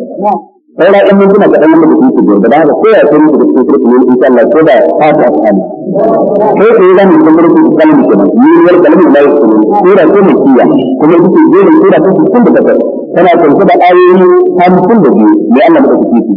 Saura ɗan mintuna kaɗan wanda su su gobe, da haka ko ya ce muku da cikin kirkin yin insha Allah ko da ta ta hali. Ko ko yi zamu cikin kirkin kalmi ke nan, yi yar kalmi da ko da ko mai kiya, kuma su ke ko da da takwas, tana kwanci da ayoyi hamsin da biyu, mai Allah da kuke su.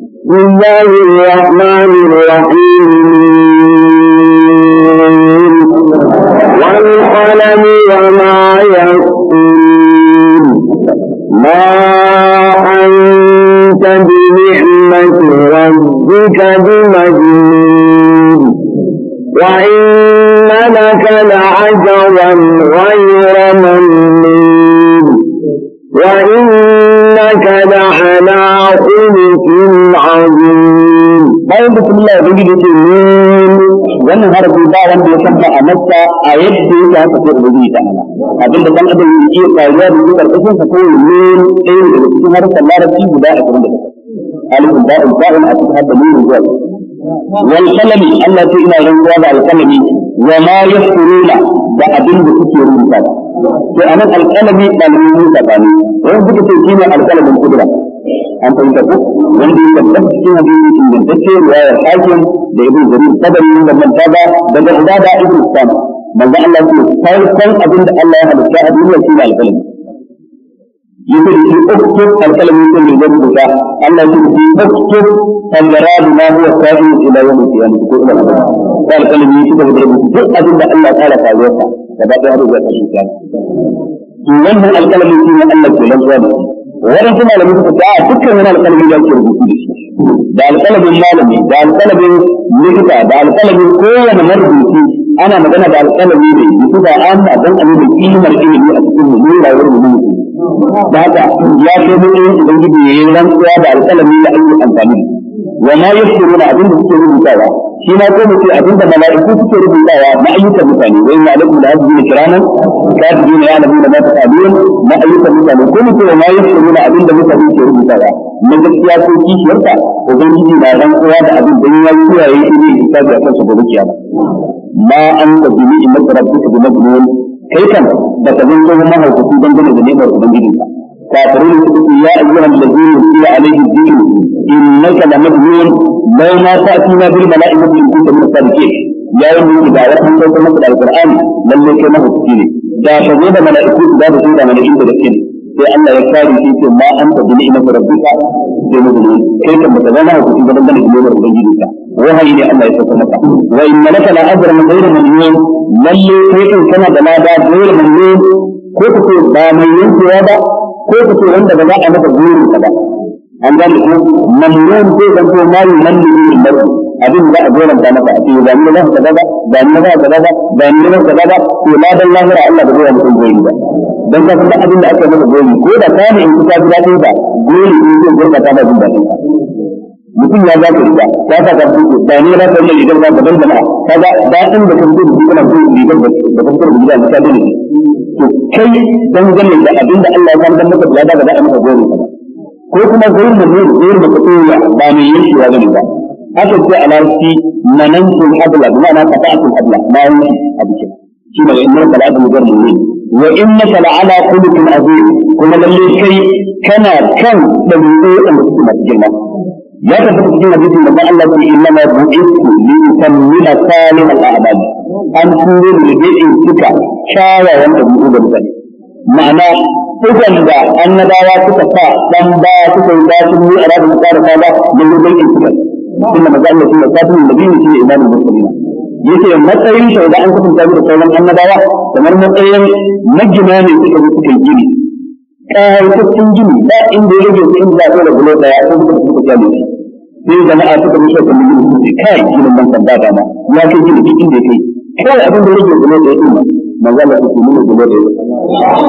ربك بمجنون وإن لك لعجبا غير ممنون وإنك لعلى خلق عظيم أي بسم الله بجد تنين وأن هرب البارم بيشبه أمسا آيات سيكا تقول بجيدا أبن بسم الله بجيدا يجيب أيها بجيدا تقول مين أي بسم الله بجيدا تقول بجيدا alif ba in ba in aka hada ne zuwa wal qalami Allah ta ina rayuwa da alqalami wa ma yasruna da abin da suke rubuta to anan alqalami da rubutu tsakani wani duka ce shine alqalamin kudura an fahimta ko wanda ya tabbata cikin hadisi ingantacce riwayar hakim da ibn jarir tabari da mantada daga ibada ibn sami manzo Allah ya ce farkon abin da Allah ya halitta a duniya shine alqalami يقول اكتب الكلمة يكون لجنبك التي اكتب الجراد ما هو كائن إلى يوم القيامة تقول إلى الله قال كلمة يكتب لجنبك جل أدلة الله تعالى فعليتها فبعد هذا هو الشيطان ينهى الكلمة يكون أنك لم تعلم waɗansu malamai suka ce a dukkan wani alƙalami da ake rubutu da shi da alƙalamin malami da alƙalamin likita da alƙalamin kowane marubuci ana magana da alƙalami ne yanzu da an ba don a nuna kimar ilimi a cikin mu nuna rayuwar mu ne da haka ya ce mu ɗin ubangiji ya yi rantsuwa da alƙalami da ake amfani wa ma yashkuruna abin da suke rubutawa shi ma ko mutum abin da mala'iku suke rubutawa na ayyukan mutane wa inna alaikum la hajjina kirana katibin ya nabi da mata tabiyin na ayyukan mutane ko mutum ma yi shi nuna abin da mutane ke rubutawa na gaskiya ko kishiyarta ubangiji na dan uwa da abin da ya yi kiyaye shi ne ta ga kansa gobe kiyama ma an da bi in rabbika bi majnun kai da ka zanto mahaukaci dangane da neman ubangijinka كافرون يا ايها الذين انزل عليه الدين انك لمجنون ما تاتينا بالملائكه من كنت من الصادقين يا ايها الذين امنوا اتقوا الله القران من لك ما هو الدين كافرون بملائكه لا تزيد من الدين بالدين في ان يكاد فيك ما انت بنعمه ربك كيف متزنى وكيف بدل الدين بمجنونك وهي ان الله يسكنك وان لك لا أجر من غير مجنون من لك كما بلا غير مجنون كيف تقول لا من ينكر هذا ko ku ce wanda ba za a masa gori ba an gane ko mamnun zai zanto mali manni ne barku abin da a goran ta masa ce ba ni zan kaza ba ba ni zan kaza ba ba ni zan kaza ba to la dan lahira Allah ba zai masa gori ba dan ka san abin da aka masa gori ko da kana in ka ji daɗi ba gori in zai gurbata ba mutum ya za ka iya ya sa ka fito ba ne za ka iya rigar ba daban da ma'a kaga daɗin da kan zo da kana so rigar da da kan fito da gida da kaje ne to kai dan ganin da abin da Allah ya san dan maka da ga da maka gori ko kuma zai da ne zai da fito ya ba ne yin shi wani ba haka ce a larabci manantum abla bi ma'ana fata'atum abla ma yin abu ce shi ne inna salatu mujar mu ne wa innaka la'ala khuluqin azim kuma lalle kai kana kan dabi'u da suke masu girma يا تفضل كنا بيت الله الذي إنما بعثت لتنمي صالح الأعمال أن تنمي لبيئتك شاوى وانت بيئة بيئة معنى تجمع أن دعوة تتفع تنبع تتفع تنمي أراد مقارة هذا من بيئتك إنما مجال الله سيئة تابل المدينة في إعبان المسلمين يكي مطعين شهداء أنت من تابل الصالح أن دعوة تمر مطعين مجمعين تتفع تتفع تتفع kayayyakin gini ba inda ya rage inda za a dole bulo daya ko kuma da jami sai jama'a suka rushe kan gini su ce kai ginin ban san ba ya kai gini duk inda kai kai abin da ya rage da daya din nan su kuma bulo daya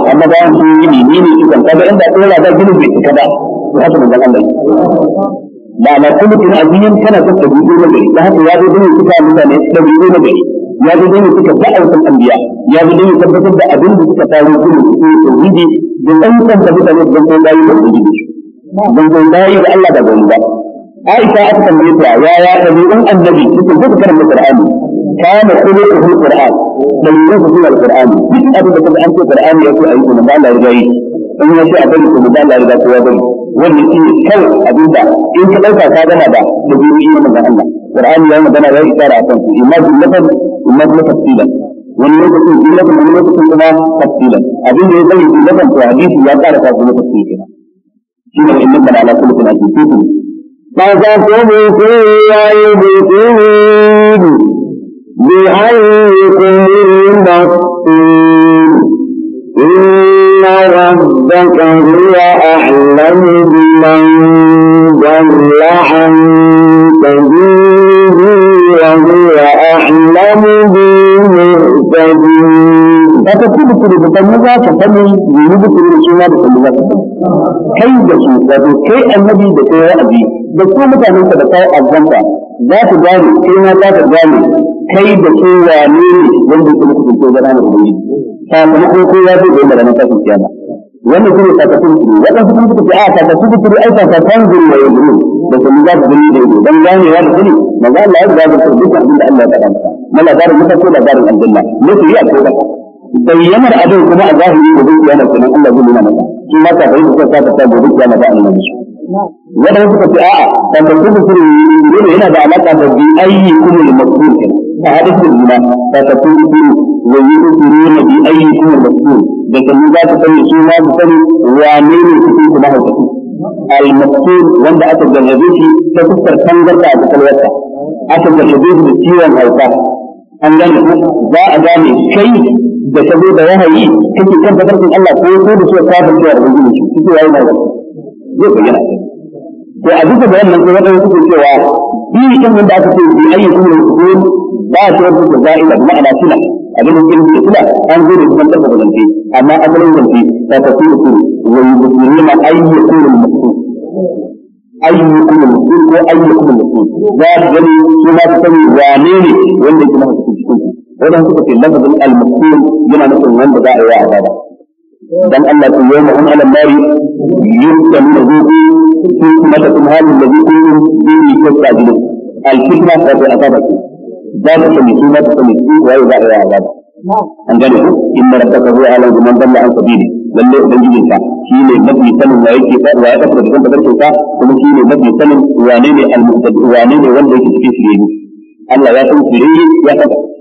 amma bayan sun yi ni ne su kan kaga inda ko da gini bai ba to haka Allah ba na kuma tun azimin kana son ta na gari da haka ya zo gini kuka mutane da buɗe na gari ya zo don ya suka da'awar anbiya ya zo don ya tabbatar da abin da suka kawo su ne su ne tauhidi da ɗaukan da mutane su zama bayi da ubangiji don zai bayi da Allah da gani ba Aisha aka tambaye ta ya ya ɗabi'un annabi cikin duk karin Qur'ani kana kullu Qur'an dalilin su ne Qur'ani duk abin da kaga an ce Qur'ani ya ce ayi kuma ba Allah ya yi in ya ce a bari kuma ba Allah ya riga kowa bari wannan shi ne kawai abin da in ka ɗauka ka gana da da biyu imanin Allah القرآن يوم دنا رأي كار عطان في إمام المثل إمام المثل تفصيلا والمثل في المثل من المثل كما تفصيلا أبين يوم في المثل في حديث يوم كار عطان في المثل فيما الإمام على كل كنا جنسيكم فتكم في عيبتين بأيكم المثل إن ربك هو أحلم بمن جل عنه ta kudu kudu da kan maza ka fani yi da kudu da su ma da kan maza kai da su wato kai annabi da kai wa'azi da su mutanen ka da kai azzanta za ku gane kai ma za ka gane kai da su wane ne wanda ku da kudu da ranar ubangi sakamakon ko ya zo da yadda ranar tashin kiyama wannan kuma sakakun kudu waɗansu kuma suka ce a ah, sakakun kudu ai sakakun kudu ne yanzu da kuma za ku gani da ido dan ganewa da sani maza Allah ya riga da dukkan da Allah ya faɗa masa na labarin mutane ko labarin aljanna ne ku yi a kai bayyanar abin kuma a zahiri da zai kiyama kenan Allah zai nuna maka shi ma ka fahimta sai ka ta gobe kiyama ba annabi shi wanda suka ce a'a kan da kuma sirri ne yana da alaka da bi ayyi kumul maksud a hadisin juna ta tafi sirri wa yi sirri bi ayyi kumul maksud da kan za ta sani su ma su sani wane ne cikin kuma hakiki المقصود وند أتى الجهبيش تكسر تنجر أبو كلوتا أتى الجهبيش بسيوان هيتا أن ذلك ذا أداني شيء da ta zo da wahayi take kan tafarkin Allah ko ko da suka kafin cewa da shi, suke yayi na zai bayyana to a duka da wannan kuma wanda suke cewa bi kin wanda aka ce bi ayi kun ne ko ba ta wata da za'ila ma'ana suna abin da yake suna an zo da kuma tabbata zance amma amalin zance ta tafi ku wa yusirina ayyukul maqsud ayyukul maqsud ko ayyukul maqsud za ka gani kuma ta sani wane ne wanda yake a cikin wannan suka ce lafazin al-maqsul yana nufin wanda za a yi azaba dan Allah ku yau mun ala mari yusam nabi ku kuma da kuma halin da ku yi ko tajil al-fitna ta ta azaba za ta ce mutum ta ce mutum wai za a yi azaba an gane ku inna rabbaka huwa ala man dalla an sabili lalle ubangijin ka shi ne mafi sanin wa yake fa wa ya tafi da kan bakar kyauta kuma shi ne mafi sanin wane ne al-muhtadi wane ne wanda yake cikin shirye Allah ya san shirye ya tabbata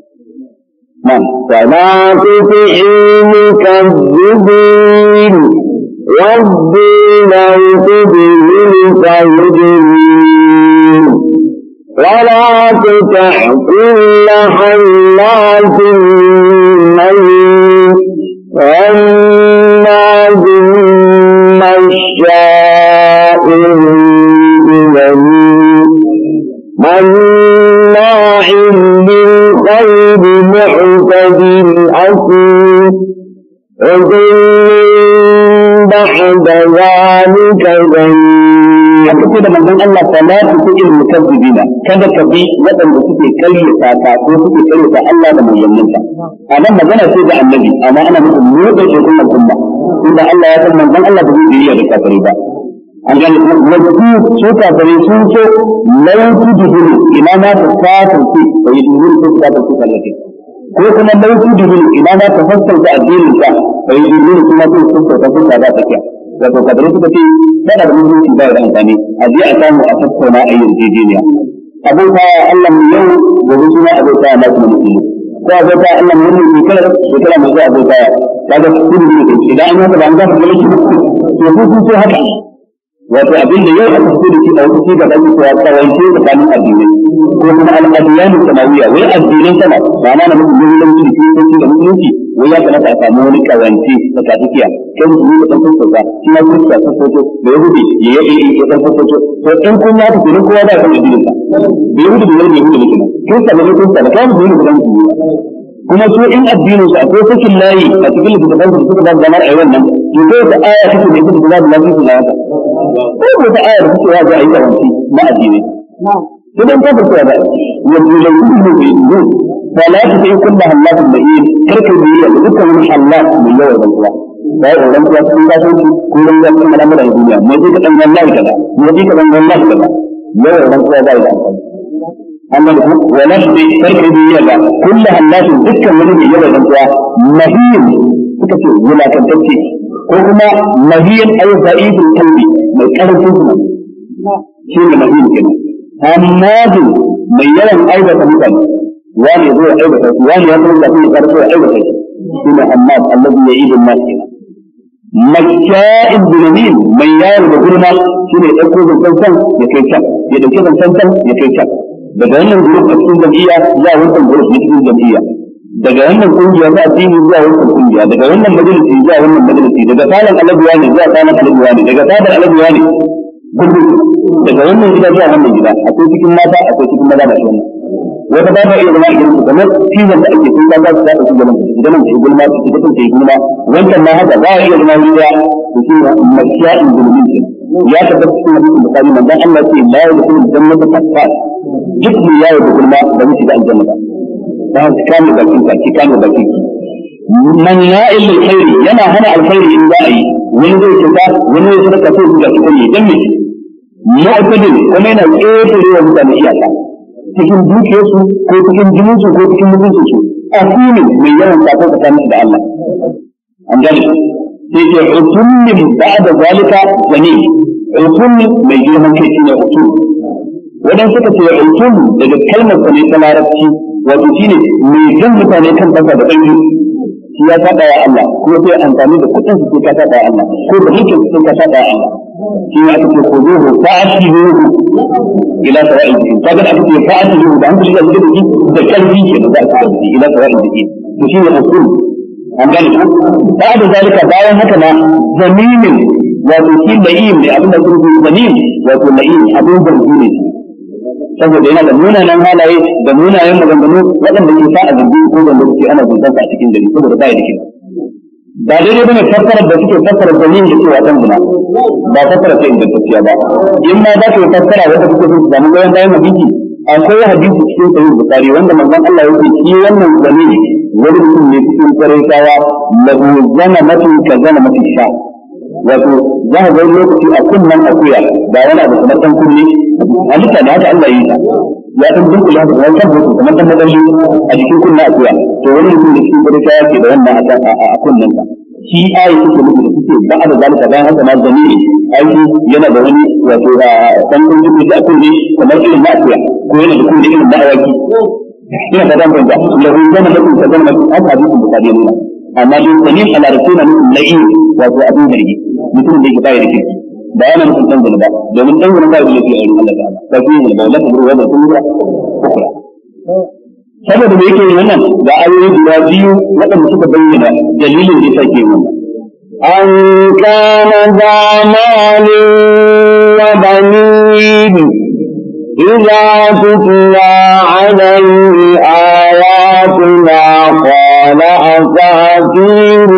نعم. فلا تطع المكذبين ودوا لو تدهن فيدهن ولا تطع كل حلات ميت هماز مشاء بنميم Ko da manzon Allah fala tuqil mukazzibina kada ka bi waɗanda suke karyata ta ko suke karyata Allah da manzanninsa a nan magana ce da annabi amma ana musu mugun shekun al'umma inda Allah ya san manzon Allah ba zai biyayya da kafiri ba an gane wasu su kafirai sun ce laifi tudhuru ina ma ta kafirce ko yi dubun ko kafirce kallake ko kuma laifi tudhuru ina ma ta fassara addinin ka ko yi dubun kuma sun fassara ta tsakiya wato kadari suka ce yana da mutunci ba da amfani a je a samu a tattauna a yarjejeniya abota Allah mu yau da zuciya abota Allah kuma musulmi ko abota Allah mu yau shekara shekara mu zuwa abota kaga kudi ne kai idan an haka ba an gafa gele shi to ku ku so haka wato abin da yau a fito da shi a wuce ga dan ko ya kawance da kanin addini ko kuma al-adiyanu samawiyya wai addinan sama ba na mutum ne da shi da mutunci wai ya kamata a samu wani kawance na kafikiya kai musulmi da ɗan sokoto shi ya kuma sa sokoto da ya hudu ya yi ya ɗan sokoto to in kun ya tafi kowa da kan addinin sa da hudu da wani hudu ne kuma sa da kun sa da kai musulmi da ɗan kuma su in addinin su akwai sakin layi a cikin littattafan da suka zama a yi wannan yanzu wata aya take da ita da za su lafi na wata ko wata aya da suke yawa za a yi karanci na addinai. Idan ta fasuwa ba, yanzu yanzu ne ولا تطيع كل حلاف بعيد تركوا بيه لذلك من حلاف من يوم الله bayan idan kuwa sun ba sun ko dan ya kuma da duniya mai ji kadan wallahi kaza mai ji kadan wallahi kaza yau idan kuwa ba ya amma ku wa nashbi sarki duniya ga kullu hallatin dukkan wani mai yau idan kuwa suka ce wulakantacce ko kuma mahiyin ayu da'idul qalbi mai karfin kuma shi ne mahiyin kenan amma mai yawan aibata mutane وان هو عبث وان يمر له قرصه عبث هنا حماد الذي يعيد الناس هنا مكاء بنميم من يار بكلمة شنو يأكل بالسلسل يكيشك يدوكي بالسلسل يكيشك daga wannan grup a cikin jam'iyya zuwa wancan grup na cikin jam'iyya daga wannan kungiya na addini zuwa wancan kungiya daga wannan majalisi zuwa wannan majalisi daga salan alabiya ne zuwa salan alabiya ne daga sadar alabiya ne daga wannan gida zuwa wannan gida akwai cikin mata akwai cikin maza da shi wannan wata ba ta iya zama idan su kamar cizon da ake sun za su zaɓa su gaban su gaban su gulma su gaban su gulma wancan ma haka za a iya zama ruwa da su mashiya in gulmin ke ya tabbata cikin hadisin bukari manzon Allah ce la ya dukul jannata kafa duk mai yawo da gulma da mutu da aljanna ba ta haka kame bakin ka ki kame bakin ki man ya'il lil khairi yana hana alkhairi in za a yi wani zai cuta wani zai sadaka sai su ga su kai dan ne mu'tadil kuma yana ƙetare wa mutane iyaka cikin dukiyarsu ko cikin jininsu ko cikin mutuncinsu a ne mai yawan sako tsakanin da Allah an gani sai ke hukumin da zalika ne, hukumin mai girman kai shine hukum wadan suka ce hukum daga kalmar sa ne ta larabci wato shine mai jan mutane kan kasa da ɗanyi shi ya saba wa Allah ko sai amfani da kuɗin su ka saba wa Allah ko da mulkin su ka saba wa Allah shi ne aka ce ko zuhu fa ashiru ila sara'il jahim kaga aka ce fa ashiru da hankali da zuwa jiki da kalbi ke da aka ce ila sara'il jahim to shi ne usul an gane ko ba da zalika bayan haka na zaminin wato shi la'im ne abin da kuma zaminin wato la'im abin zargi ne saboda yana da munanan halaye da munanan maganganu waɗanda ke sa a jirgin ko da lokaci ana zuntansa a cikin gari saboda ba ya dake kyau ba daidai bane fassarar da suke fassara dalilin da cewa kan guna ba fassara ta ingantacciya ba in ma za ka yi fassara wanda suke so su goyon bayan hadisi akwai hadisi cikin sahih bukari wanda manzon Allah yake shi wannan dalili wani mutum ne cikin tsare kawa lahu zana mafi ka zana mafi sha wato za a zai lokaci a kunnan akuya ba wani abu kamar ɗan kunne halitta da haka Allah yi ya san duk ya ga kamar ɗan madalli a jikin kunnan akuya to wani mutum da cikin gudu ya ke da wannan a kunnan ka shi ayi suke muku da suke ba a da zalika bayan haka ma zamiri yi yana da wani wato a ɗan kunne da kunne kamar irin na akuya ko yana da kunne irin na awaki ina da lahu zama amma dai salim ala rasulina min la'i wato abin zargi mutum da yake bai da kirki ba yana nufin dan zulba domin dan zulba bai da kirki a wurin Allah ta'ala ba shi zulba la tabru wa kullu ukra saboda me yake yin wannan ga ayoyi guda biyu waɗanda suka bayyana dalilin da yake yin wannan an kana zamalin wa banin إذا تتلى عليه آياتنا قال أساطير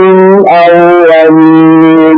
الأولين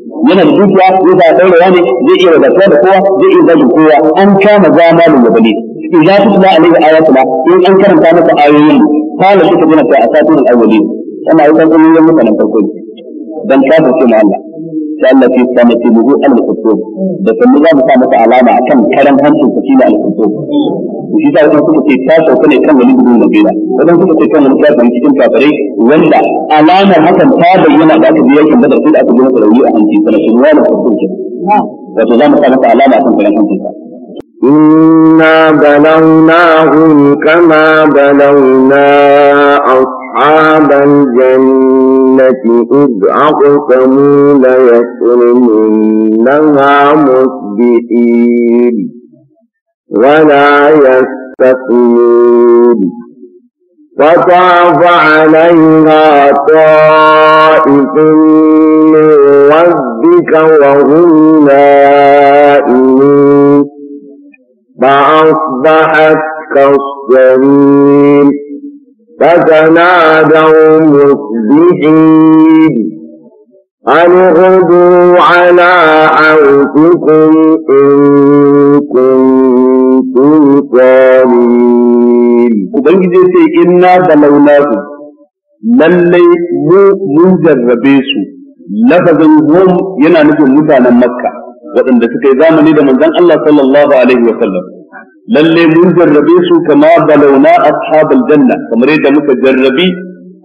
yana da dukiya zai sa daurawa ne zai iya wadatuwa da kowa zai iya zagin kowa an kama zamalin da bane idza tutla alaihi ba, in an karanta masa ayoyin qala suka gina fi asatirul awwalin ana yi kan kullun mutanen farko dan kafir ce ma Allah sai Allah ya sa mace al-kutub da kuma za mu sa masa alama akan karan hancin sa shi ne al-kutub shi sa wannan suka ce ta sauka ne kan wani gudun nabila wannan suka ce kan wani kafin cikin kafirai wanda alamar hakan ta bayyana da aka biya kin da da aka gina rauni a hanci sai shi ne al-kutub wato za mu sa masa alama akan karan hancin sa إنا بلوناهم كما بلونا أصحاب أصحاب الجنة إذ أقسموا ليصرمنها مسبحين ولا يستثنون فطاف عليها طائف من ربك وهم نائمون فأصبحت كالصريم فتنادوا مصبحين أن غدوا على حوتكم إن كنتم صالمين وبنجد إنا بلوناكم lallai mu mun jarrabe su lafazin hum yana nufin mutanen makka waɗanda suka yi zamani da manzon Allah sallallahu alaihi wa sallam lalle mun jarrabe su kama balauna ashabal janna kamar yadda muka jarrabi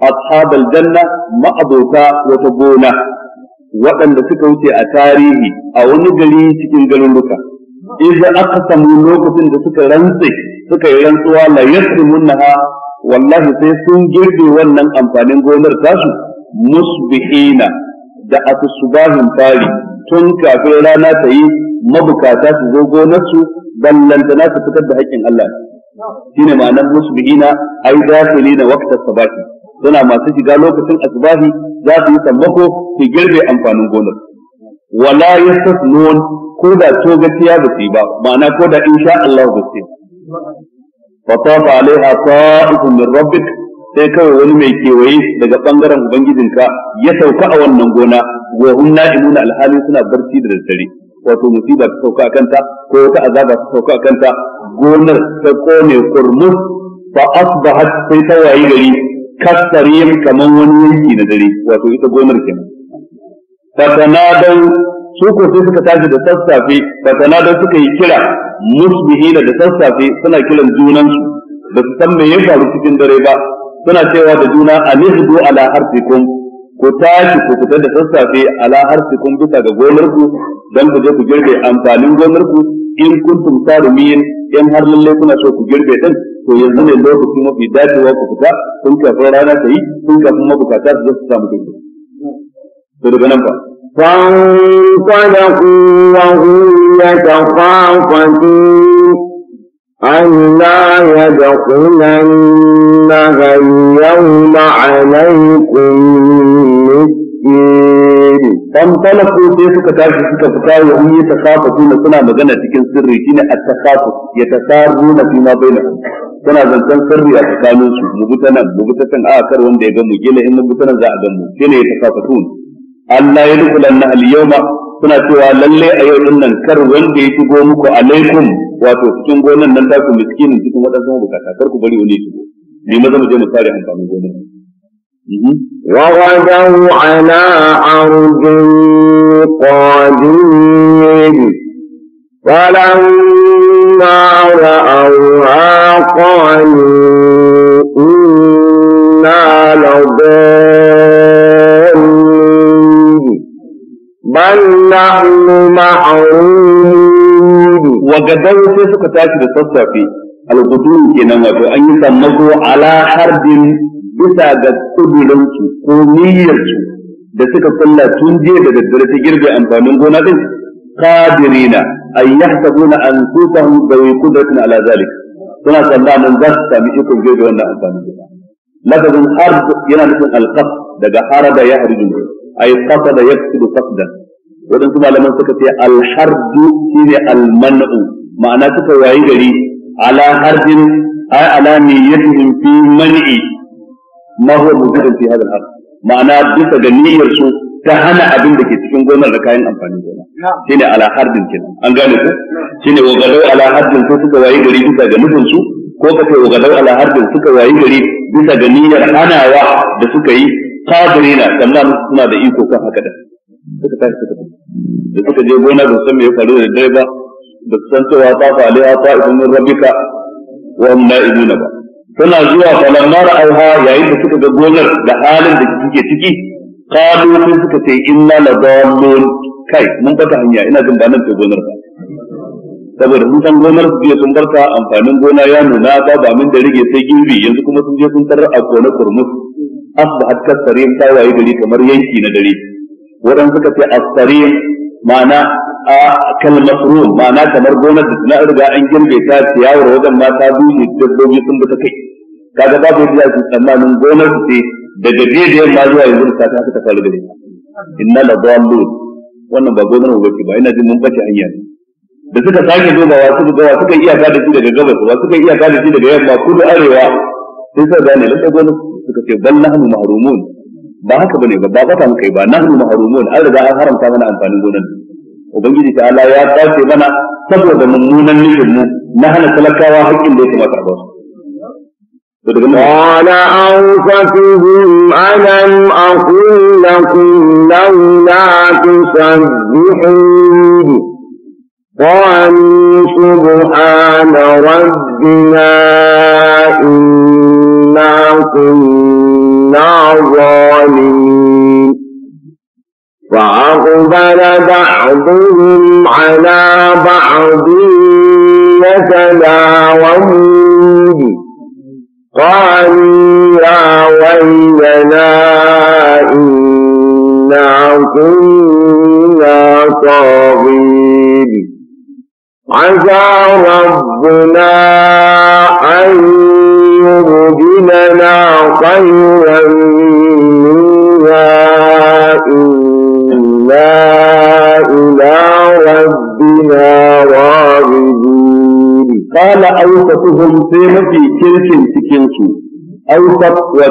ashabal janna ma'abota wata gona waɗanda suka wuce a tarihi a wani gari cikin garuruka idan aka samu lokacin da suka rantse suka yi rantsuwa la naha, wallahi sai sun girbe wannan amfanin gonar tasu musbihina da asusubahin fari tun kafin rana ta yi mabukata su zo gonarsu ballantana su fitar da haƙƙin Allah shine ma'anar musbihina ai dakilina waqtas sabati suna masu shiga lokacin asbahi za su yi sammako su girbe amfanin gonar wala yastasnun ko da togaciya ba su ba ma'ana ko da insha Allah ba su yi fa tafa alaiha ta'ifun min rabbik sai kawai wani mai kewaye daga bangaren ubangijinka ya sauka a wannan gona wa hum na'imuna alhalin suna barci da daddare wato musiba ta sauka kanta ko wata azaba ta sauka kanta gonar ta kone kurmus fa asbahat sai ta wayi gari kasariyam kaman wani yanki na dare wato ita gonar kenan fatanadau su ko sai suka tashi da sassafe fatanadau suka yi kira musbihina da sassafe suna kiran junansu ba su san me ya faru cikin dare ba suna cewa da juna anihdu ala harfikum ku tashi ku fitar da sassafe ala kun bisa ga gonarku don ku je ku girbe amfanin gonarku in kuntum rumiyin in har lalle kuna so ku girbe din to yanzu ne lokacin mafi dacewa ku fita kun kafin rana ta yi kun kafin mabukata su zai samu dinki to daga nan fa فانطلقوا وهم يتخافتون ألا يدخلنها اليوم عليكم مسكين فانطلقوا sai suka تاشي suka فتاوي wa in yi tasafatuna suna magana cikin sirri shine at-tasafut yatasarruna fi ma suna zancen sirri a tsakanin su rubuta nan a kar wanda ya gamu mu gila in rubuta za a ga mu shine yatasafutun Allah ya dukulanna al-yawma suna cewa lalle a yau din nan kar wanda ya shigo muku alaikum wato cikin gonan nan da ku miskinin cikin wadansu bukata kar ku bari wani shigo ni maza mu je mu kare amfanin gonan mhm. وغدوا على أرض قادرين فلما رأوها قالوا إنا لضالون bal nahnu mahrumun wa gadan sai suka tashi da sassafe al-qudu kenan an yi sammako ala harbin bisa ga kudurinsu ko niyyarsu da suka kulla tun jiya da daddare ta girbe amfanin gona din qadirina ay an anfusahum bi qudratin ala zalik suna tsalla mun za su sami ikon girbe wannan amfanin gona lafazin harb yana nufin alqaf daga harada ya haridu ay qasada yaqsidu qasdan waɗansu malaman suka ce alhardu shine almanu ma'ana suka wayi gari ala harbin ay ala niyyatihim fi man'i ma huwa mujadin fi hadha al ma'ana bisa ga niyyar su ta hana abin da ke cikin gonar da kayan amfanin gona shine ala harbin kenan an gane ko shine wa ala harbin sai suka wayi gari bisa ga nufin su ko ka ce wa ala harbin suka wayi gari bisa ga niyyar hanawa da suka yi qadirina sannan suna da iko kan haka da suka tashi suka da suka je gona da san me ya faru da dare ba da san cewa ta fali a ta ibn rabbika wa hum na'iduna ba suna zuwa falamma ra'awha yayin da suka ga gonar da halin da kike ciki kalu sun suka ce inna la dallun kai mun bata hanya ina jin ba nan ta gonar ba saboda sun san gonar su sun ta amfanin gona ya nuna ba ba min da rige sai gimbi yanzu kuma sun je sun tarar a kone kurmus asbahat kasarin tawaye gari kamar yanki na dare wadan suka ce asarin ma'ana a kalmasrun ma'ana kamar gonar da na riga an girbe ta ciyawar wajen ma ta bushe dabbobi sun bi ta kai kaga babu yadda ake tsammanin gonar su ce daga jiya da yamma zuwa yanzu ta ta ta faru da ita inna la dallun wannan ba gonar mu ba ina jin mun bace hanya ne da suka sake dubawa suka ga suka iya ka da shi daga gabas wa suka iya ka da shi daga yamma kudu arewa sai da gane lalle gonar suka ce bal nahnu mahrumun ba haka bane ba ba kafa mu kai ba nahnu mahrumun an riga an haramta mana amfanin gonan ubangiji ta Allah ya kwace mana saboda mummunan nufin mu na hana talakawa hakkin da ya kamata a ba قال أوصفهم ألم أقل لكم لولا تسبحون قالوا سبحان ربنا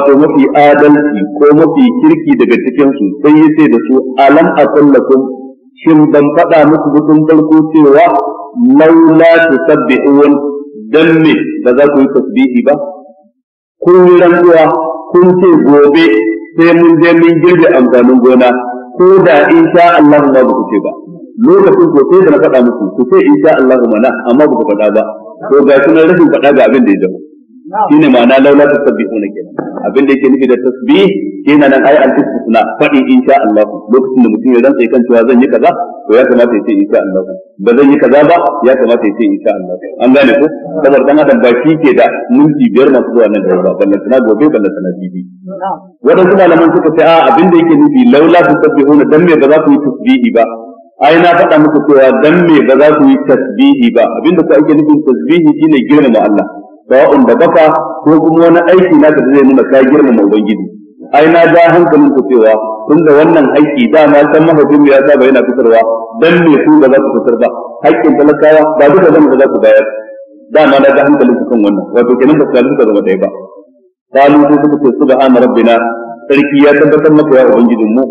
wato mafi adalci ko mafi kirki daga cikin su sai yace da su alam aqullakum shin ban faɗa muku gudun farko cewa laula tusabbihun dan me ba za ku yi tasbihi ba kun yi rantsuwa kun ce gobe sai mun je mun girbe amfanin gona ko da insha Allah ba ku ce ba lokacin ko sai da na faɗa muku ku ce insha Allah mana amma ba ku faɗa ba ko ga kuma rashin faɗa ga abin da ya zama shine ma'ana laula tusabbihun kenan abin da yake nufi da tasbih yana nan ayi al-istisna fadi insha Allah lokacin da mutum ya rantsa kan cewa zan yi kaza to ya kamata ya ce insha Allah ba zan yi kaza ba ya kamata ya ce insha Allah an gane ko kamar dan adam ba shi ke da mulki biyar masu zuwa nan gaba ba ballan tana gobe ballan tana bibi wadansu malaman suka ce a abin da yake nufi laula tasbihuna dan me ba za ku yi tasbihi ba ai na faɗa muku cewa dan me ba za ku yi tasbihi ba abinda ku ake nufin tasbihi shine girmama Allah sawa'un da baka ko kuma wani aiki na ka zai nuna ka girmama ubangiji ai na da hankalin ku cewa da wannan aiki da na san mahaifin ya saba yana fitarwa dan me ku ba za ku fitar ba haƙƙin talakawa ba duka zan da za ku bayar ma na da hankalin ku kan wannan wato kenan ba ka zama zama ɗaya ba kalu ku suka ce subhana rabbina sarki ya tabbatar maka ya mu.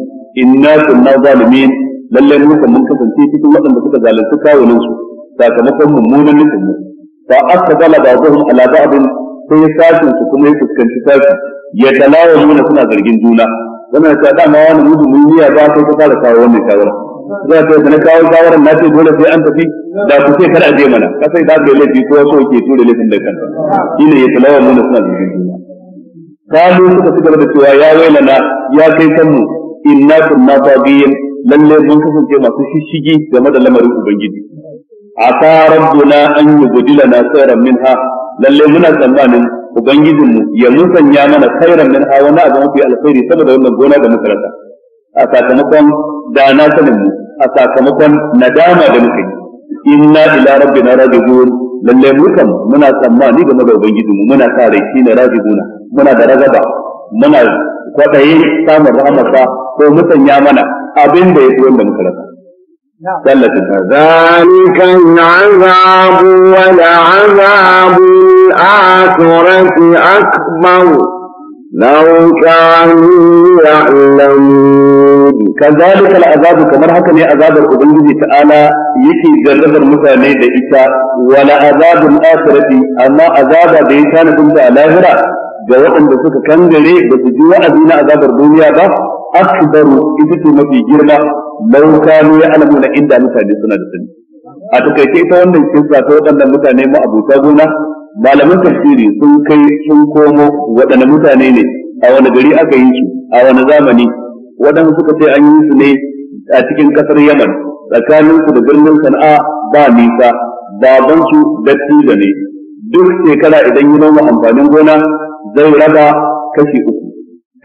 inna kunna zalimin lallai mu kan mun kasance cikin waɗanda suka zalunci kawunan su sakamakon mummunan nufin mu fa aka zala ba zuhum ala ba'din sai sashin su kuma ya fuskanci sashi ya talawa nuna suna zargin juna wannan ta ma wani mutum mun yi ba sai ka fara kawo wannan shawara za ta da na kawo shawaran na ce dole sai an tafi da ku sai kar a je mana ka sai da bai laifi ko so ke tura laifin da kanta shine ya talawa nuna suna zargin juna kalu suka ci gaba da cewa ya wailana ya kai kanmu inna kunna tabiyin lalle mun kasance masu shishigi game da lamarin ubangiji asa rabbuna an yubdilana min minha lalle muna tsammanin ubangijinmu ya musanya mana khairan min ha wani abu mafi alkhairi saboda wannan gona da muka rasa a sakamakon da na sanin mu a sakamakon nadama da muka yi inna ila rabbina rajiun lalle mukan muna tsammani game da ubangijinmu muna sa rai na rajiuna muna da ragaba muna kwadaye samun rahama ko musanya mana abin da ya fi wanda muka rasa ذلك العذاب ولعذاب الآخرة أكبر لو كانوا يعلمون كذلك العذاب كما هكا ne azabar ubangiji ta'ala yake jarrabar mutane da ita wala azabul akhirati amma azaba da yake na tunta lahira da waɗanda suka kangare ba su ji wa'azi na azabar duniya ba akbaru ita ce mafi girma ya alamu na inda mutane suna da sani a takaice ita wannan kissa ta waɗannan mutane ma abuta gona malaman tafsiri sun kai sun komo waɗanne mutane ne a wani gari aka yi su a wani zamani waɗanda suka ce an yi su ne a cikin ƙasar yaman tsakaninsu da birnin sana'a ba nisa babansu dattijo ne duk shekara idan yi noma amfanin gona zai raba kashi uku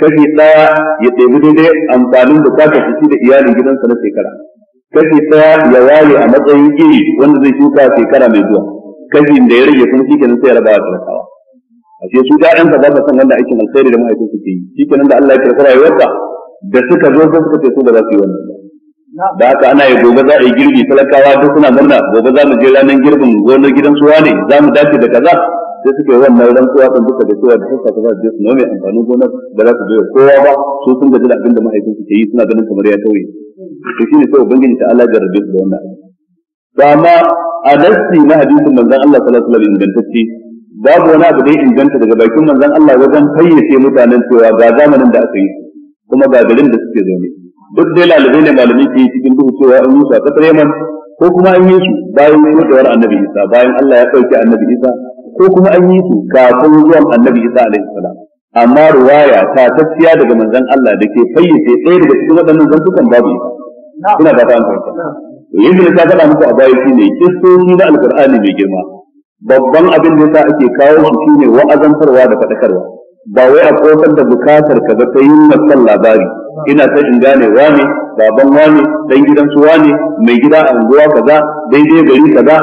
kashi daya ya ɗebi daidai amfanin bukatar shi da iyalin gidansa na shekara kashi daya ya waye a matsayin iri wanda zai shuka shekara mai zuwa kashi da ya rage kuma shikenan sai ya raba wa talakawa a ce su ƴaƴansa ba sa san wanda aikin alkhairi da mahaifin su ke yi shikenan da Allah ya karɓi rayuwarsa da suka zo sai suka ce su ba za su yi wannan da haka ana yi gobe za a yi girbi talakawa duk suna murna gobe za mu je ranar girbin gonar gidan suwa ne za mu dace da kaza sai suke wannan wannan rantsuwa kan duka da cewa da suka ka za su je su nome amfanin gona da za su bayar kowa ba su sun gaji da abin da mahaifin suke yi suna ganin kamar ya tauye to shine sai ubangiji ta Allah jarrabe su da wannan to amma a nasti na hadisin manzon Allah sallallahu alaihi wasallam ingantacce babu wani abu da inganta daga bakin manzon Allah wajen fayyace mutanen cewa ga zamanin da aka yi kuma ga garin da suke zaune duk dai lalibai ne malami ke cikin duhu cewa an yi su a kasar Yaman ko kuma an yi su bayan mutuwar annabi Isa bayan Allah ya ɗauki annabi Isa ko kuma an yi su kafin zuwan annabi isa alaihi salam amma ruwaya ta tafiya daga manzon Allah da ke fayyace ɗaya daga cikin waɗannan zantukan babu isa. ina da ta'an fahimta yanzu da ta faɗa muku a baya shine kistoci na alqur'ani mai girma babban abin da yasa ake kawo shi shine wa'azantarwa da faɗakarwa ba wai a kofar da bukatar ka ga ta yin nasan labari ina ta in gane wane baban wane dan gidan su wane mai gida a unguwa kaza daidai gari kaza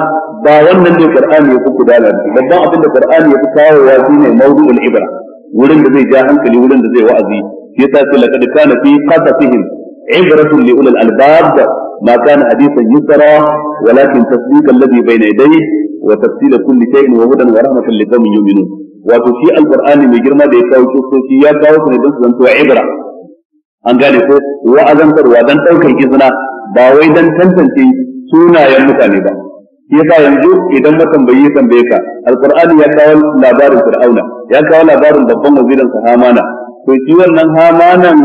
ba wannan ne qur'ani ya kuku dalan babban abin da qur'ani ya fi kawo ya shine mawdu'ul ibra wurin da zai ja hankali wurin da zai wa'azi yasa ce laqad kana fi qasasihim ibratun li ulil albab ma kana hadithan yusra walakin tasdiq alladhi bayna yadayhi wa tafsil kulli shay'in wa hudan wa rahmatan liqaumin yu'minun wato shi alqur'ani mai girma da ya kawo kisoci ya kawo su ne don su zanto ibra an gane ko wa dan daukar izina ba wai dan tantance sunayen mutane ba yasa yanzu idan matambayi yi tambaye ka alqur'ani ya kawo labarin fir'auna ya kawo labarin babban wazirin sa hamana to shi wannan hamanan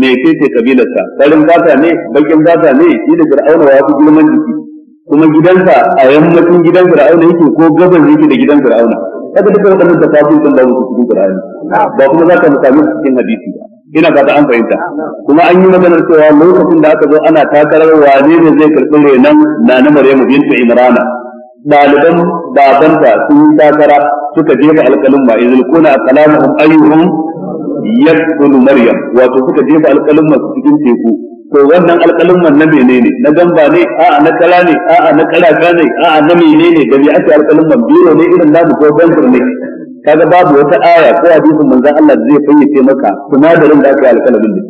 me ce ce kabilarsa farin fata ne bakin fata ne shi da fir'auna ya fi girman jiki kuma gidansa a yammacin gidan fir'auna yake ko gaban yake da gidan fir'auna kaga duka da tafafin sun da mu cikin fir'auna ba kuma za ka cikin hadisi ba ina ta an fahimta kuma an yi maganar cewa lokacin da aka zo ana takarar wane ne zai karɓi renon na na Maryamu bintu Imrana ɗaliban babanta sun yi takara suka jefa alƙalin ma izil kuna kalamuhum ayyuhum yaqulu Maryam wato suka jefa alƙalin ma cikin teku to wannan alƙalin man na menene na gamba ne a'a na kala ne a'a na kala ne a'a na menene da me ake alƙalin man biro ne irin namu ko bantur ne kaga babu wata aya ko hadisin manzon Allah zai fayyace maka sinadarin da aka yi alƙalamin da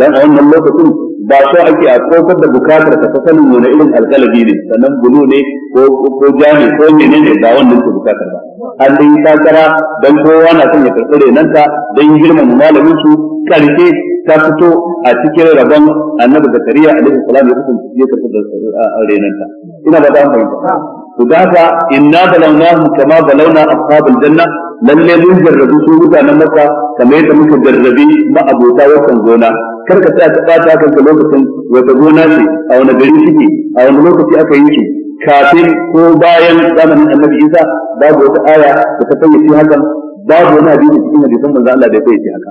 dan a wannan lokacin ba so ake a kofar da bukatar ka sanin wani irin alƙalami ne sannan bulu ne ko ko jami ko menene ba wannan ke bukatar ba an dai takara dan kowa na son ya karɓi renanta dan girmama malamin su karshe ta fito a cikin rabon annabi zakariya alaihi salam ya kasance ya karɓi renanta ina ba ta fahimta ku da haka inna balawnahum kama balawna ashabal janna lalle mun jarrabu su mutanen maka kamar yadda muka jarrabi ma'abota wasan gona kar ka sa ka bata kanka lokacin wata gona ce a wani gari suke a wani lokaci aka yi shi kafin ko bayan zamanin annabi isa babu wata aya da ta fayyace hakan babu wani hadisi cikin hadisan manzo Allah da ya fayyace haka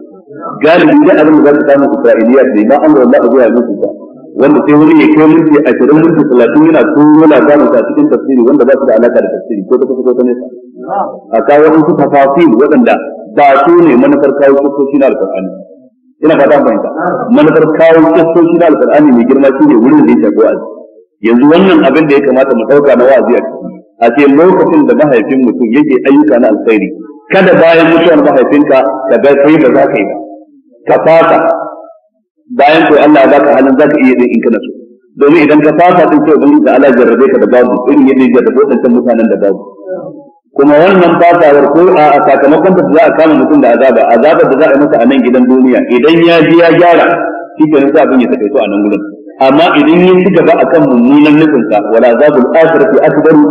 galibi da abin da za ka samu Isra'iliya da ma Allah Allah ya su zuwa wanda sai wani ya kai minti ashirin minti talatin yana turo labarin sa cikin tafsiri wanda ba su da alaka da tafsiri ko ta kusa ko ta nesa a kawo wasu tafasil waɗanda ba su ne manufar kawo kisoshi na alƙur'ani ina ba ta fahimta manufar kawo kisoshi na alƙur'ani mai girma shine wurin da ya shafi wa'azi yanzu wannan abin da ya kamata mu ɗauka na wa'azi a ciki a ce lokacin da mahaifin mutum yake ayyuka na alkhairi kada bayan mutuwar mahaifinka ka ga sai da za ka yi ba. ka fata bayan ko Allah ya baka halin zaka iya yin in kana so domin idan ka fasa din sai ubangiji da Allah jarrabe ka da babu irin yadda ya jarrabe wadancan mutanen da babu kuma wannan fasawar ko a sakamakon da za a kama mutum da azaba azabar da za a masa a nan gidan duniya idan ya ji ya gyara shi ke nasa abin ya takaito a nan gurin amma idan yin ci gaba akan mummunan ka wala zabul akhirati akbaru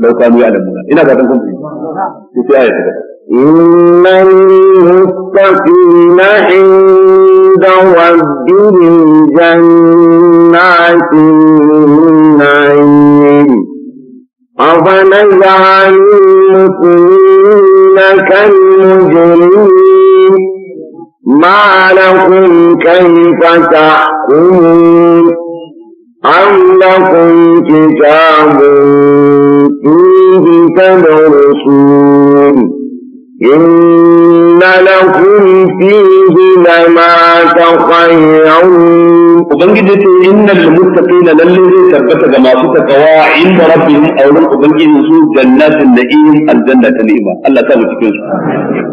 law kanu ya'lamuna ina dan kun ku sai ayata إن المتقين عند ربهم جنات النعيم أفنجعل المسلمين كالمجرمين ما لكم كيف تحكمون أم لكم كتاب فيه تدرسون إن لكم فيهن ما تخيرون Ubangiji ce lalle zai tabbata ga masu takawa inda a wurin ubangijin su aljanna ta Allah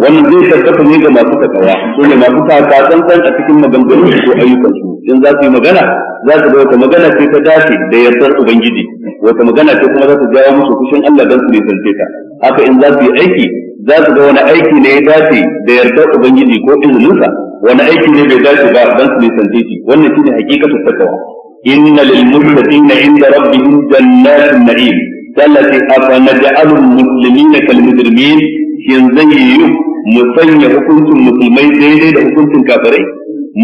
wannan zai tabbata ga masu takawa masu tsantsan a cikin ko in za su yi magana za ga wata magana dace da yardar ubangiji wata magana ce kuma za ta jawo musu kushin Allah dan su ne ta haka in za su yi aiki za su ga wani aiki ne ya dace da yarda ubangiji ko izininsa wani aiki ne bai dace ba dan su nisance shi wannan shine hakikatu takawa inna lil muttaqina inda rabbihim jannatun na'im sallati afa naj'alul muslimina kal mujrimin shin zan yi mu sanya hukuncin musulmai daidai da hukuncin kafirai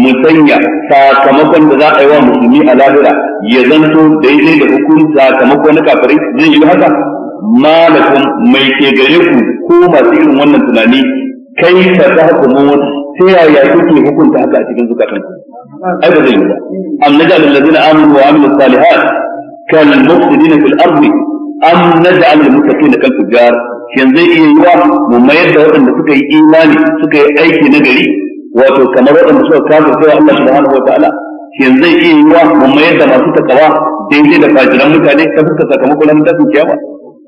mu sanya sakamakon da za a yi wa musulmi a lahira ya zanto daidai da hukuncin sakamakon na kafirai zai yi haka malakum mai ke gare ku ko masu irin wannan tunani kai fa za ku mun ta yaya kuke hukunta haka a cikin zukatan ai ba zai yi ba am naj'al alladhina amanu wa amilus salihat kal mufsidina fil ardi am naj'al al muttaqina kal fujjar shin zai iya wa mu mayar da waɗanda suka yi imani suka yi aiki na gari wato kamar waɗanda suka kafa cewa Allah subhanahu wa ta'ala shin zai iya wa mu mayar da masu takawa daidai da fajiran mutane ta fuskar sakamakon lamarin kiyama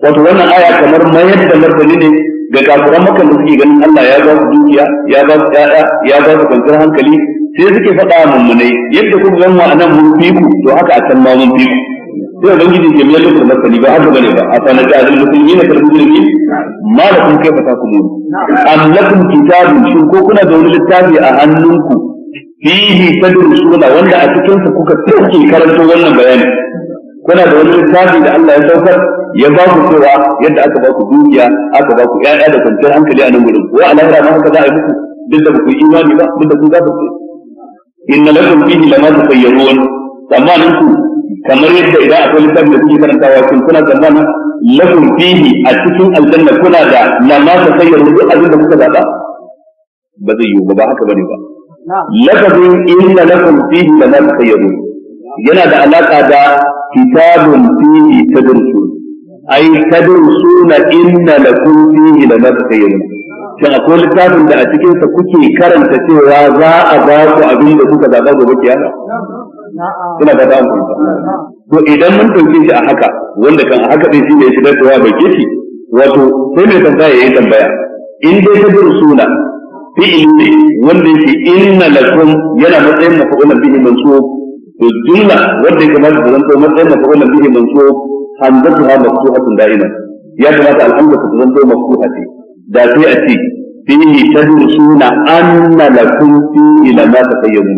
wato wannan aya kamar mayar da martani ne ga kafiran makan da suke ganin Allah ya ba su dukiya ya ba su ƴaƴa ya ba su kwanciyar hankali sai suke faɗa wa mummunai yadda kuka gan wa anan mun fi ku to haka a can ma mun fi ku sai ubangiji ke mai lokacin masani ba haka bane ba a sanar da azal yi na karbi zulmi ma da kun kai fata kuma am lakum kitabun shin ko kuna da wani littafi a hannunku fihi tadrusuna wanda a cikin sa kuka take karanto wannan bayani kuna da wani littafi da Allah ya saukar ya ba ku cewa yadda aka ba ku dukiya aka ba ku ƴaƴa da kwanciyar hankali a nan gurin ko a lahira ma haka za a yi muku duk da ku imani ba duk da ku za ku ce inna lakum fihi lama tukhayyarun tsammanin ku kamar yadda idan akwai littafin da kuke karantawa kun kuna tsammanin lakum fihi a cikin aljanna kuna da lama tukhayyarun duk abin da kuka zaɓa ba zai yiwu ba ba haka bane ba lafazin inna lakum fihi lama tukhayyarun yana da alaƙa da kitabun فيه tadrusun ai تدرسون إن لكم فيه lanafsayun shin akwai littafin da a cikin sa kuke karanta cewa za a ba ku abin da kuka ga to idan mun dauke shi a haka wanda kan haka din shine ya shigar da bai kishi wato sai mai tambaya yayin tambaya in dai tadrusuna fi'il ne wanda yake inna lakum yana matsayin mafa'ulan bihi mansub to wanda ya kamata ta zanto matsayin mafi'ulin bihi mansub hamzatuha maftuhatun da'ima ya kamata alhamza ta zanto maftuha ce da sai a ce fihi tadrusuna anna lakum fi ila ma taqayyamu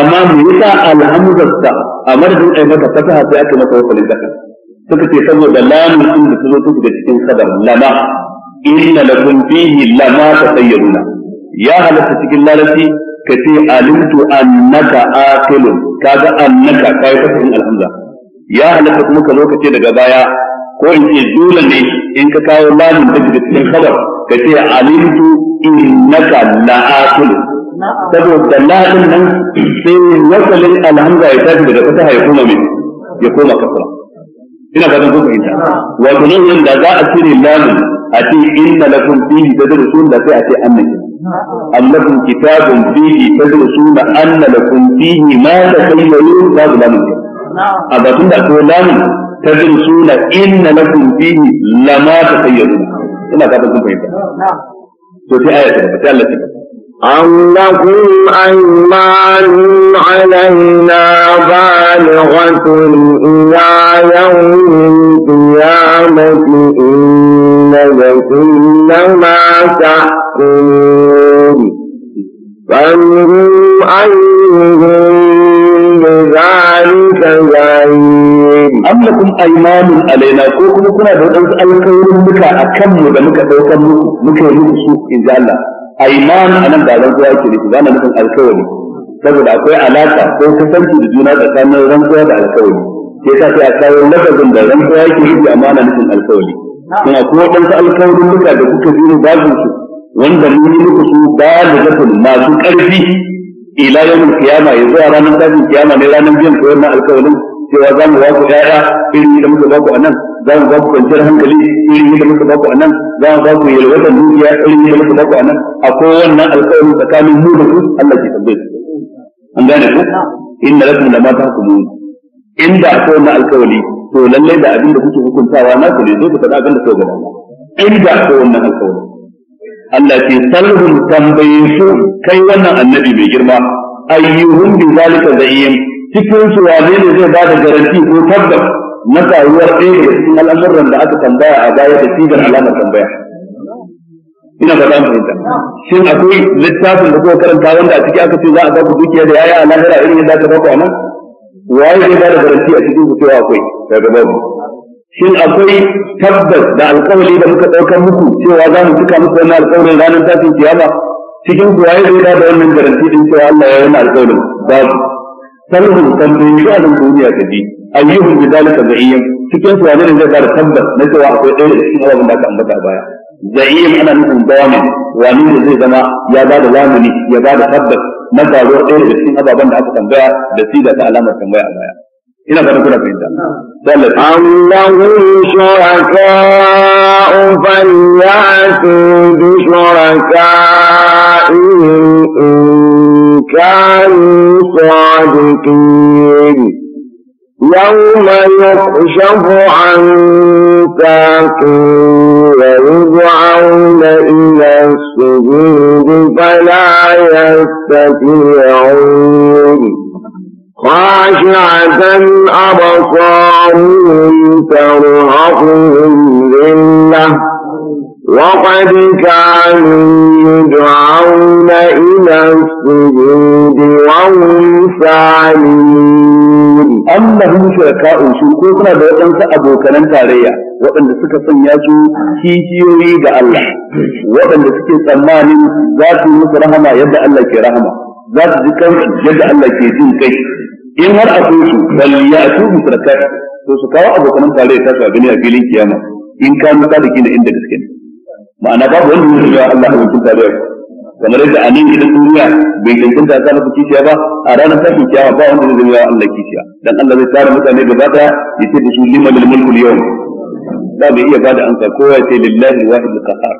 amma me yasa alhamzarta a madadin ai mata fataha sai aka mata wakalin kasa suka ce saboda lamun sun da zo take da cikin sadar lama inna lakum fihi lama ya halatta cikin lalaci ka ce alimtu annaka aqilun kaga annaka kai ta cikin alhamza ya halatta kuma ka zo ka ce daga baya ko in ce dole ne in ka kawo lamin da cikin khabar ka ce alimtu innaka la'aqilun saboda la'in nan sai wasalin alhamza ya tafi daga fataha ya koma mai ya koma kasra ina ga zan kuka ita wato nan da za a cire lamin a ce inna lakum fihi tadrusun da sai a ce annaka أنكم كتاب فيه تدرسون أن لكم فيه ما تتميزون باب لامن أبا تند أقول لامن تدرسون إن لكم فيه لما تتميزون إلا فيه نعم سوتي آية تبقى التي أم لكم أيمان علينا بالغة إلى يوم القيامة إن لكم ما تحكمون فانظروا أيهم بذلك زعيم أم لكم أيمان علينا كوكم كنا دوتنس الكورن بكا أكمل بمكا دوتن مكا يمسو إن شاء الله أيمان أنا بعدين كويس كده إذا أنا مثلا الكورن saboda akwai alaka ko kusanci da juna tsakanin rantsuwa da alkawari sai ta sai a kawo lafazin da rantsuwa yake yi amma na nufin alkawari kuma ɗan waɗansu alkawarin duka da kuka biyu bashin su wanda mun yi muku su ba da gafin masu ƙarfi ila mun kiyama ya zuwa ranar zafin kiyama ne ranar biyan ko na alkawarin cewa za mu ba ku ƴaƴa irin da muka ba ku a nan za mu ba ku kwanciyar hankali irin da muka ba ku a nan za mu ba ku yalwatar dukiya irin da muka ba ku a nan akwai wannan alkawarin tsakanin mu da su Allah ke tabbata an gane ku inna lakum lama tahkumun inda akwai wannan alkawari to lalle da abin da kuke hukuntawa na ku ne zo ku faɗa abin da kuka inda ko wannan alƙawari Allah ke salhun tambaye su kai wannan annabi mai girma ayyuhum bi zalika zayyin cikin su wane ne zai bada garanti ko tabbas na tsayuwar ɗaya daga cikin al'amuran da aka tambaya a baya da sigar alamar tambaya ina ba za mu fahimta shin akwai littafin da kuka karanta wanda a ciki aka ce za a ba ku dukiya da yaya a lahira irin yadda aka ba ku a nan waye zai bada garanti a cikin su cewa akwai daga babu shin akwai tabbas da alƙawari da muka ɗaukar muku cewa za mu cika muku wannan alƙawarin ranar tashin kiyama cikin kuwa ya zai da wannan garanti din cewa Allah ya yi alƙawarin babu sarhun tambayi a nan duniya ta ji ayyuhun bi zalika za'iyyan cikin kuwa ne zai fara tabbas na cewa akwai ɗaya da cikin abubuwan da aka ambata a baya za'iyyan ana nufin dawamin wani da zai zama ya ba da lamuni ya ba da tabbas na faruwar ɗaya da cikin ababen da aka tambaya da siga ta alamar tambaya a baya ina ga kuna fahimta Allahum shuraka'u falyatu bi shuraka'ihim in kanu sadiqin يوم يكشف عن ساق ويدعون إلى السجود فلا يستطيعون خاشعة أبصارهم ترهقهم ذلة وقد كانوا يدعون إلى السجود وهم سالمون أم لهم شركاء شركوكنا بأنس أبو كلام تاريا waɗanda suka sanya su kishiyoyi ga Allah waɗanda suke tsammanin za su musu rahama yadda Allah ke rahama za su ji kansu yadda Allah ke jin kai in har a so su bal ya su musrakat to su kawo abokan tare ya su a gani a filin kiyama in ka nuka da kina inda gaske ne ma'ana babu wanda yake cewa Allah ya mutunta da kamar yadda a nan gidan duniya bai cancanta ta kana kishiya ba a ranar tashin kiyama ba wanda zai zama Allah kishiya dan Allah zai tsara mutane gaba daya yace da su limal mulkul yawm ba mai iya bada ansa kowa ya ce lillahi wahid qahar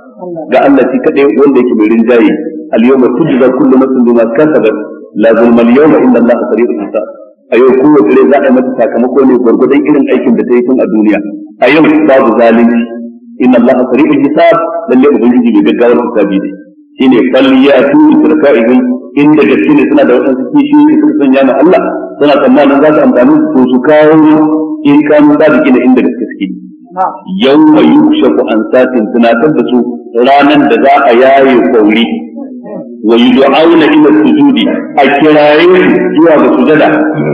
ga Allah shi kadai wanda yake mai rinjaye al yawma tujza kullu nafsin bima kasabat la zulma al yawma inna Allah sari'ul hisab a yau kowa rai za a yi mata sakamako ne gwargwadon irin aikin da ta yi tun a duniya a yau babu zalunci inna Allah sari'ul hisab lalle ubangiji mai gaggawar hisabi ne shine falliyatu In da gaske ne suna da wasu kishi suka sanya na Allah suna tsammanin za su amfani to su kawo in kanu da gina inda gaske suke yawma yushaku an satin tunatar da su ranan da za a yaye kauri wa yud'auna ila sujudi a kiraye zuwa ga sujada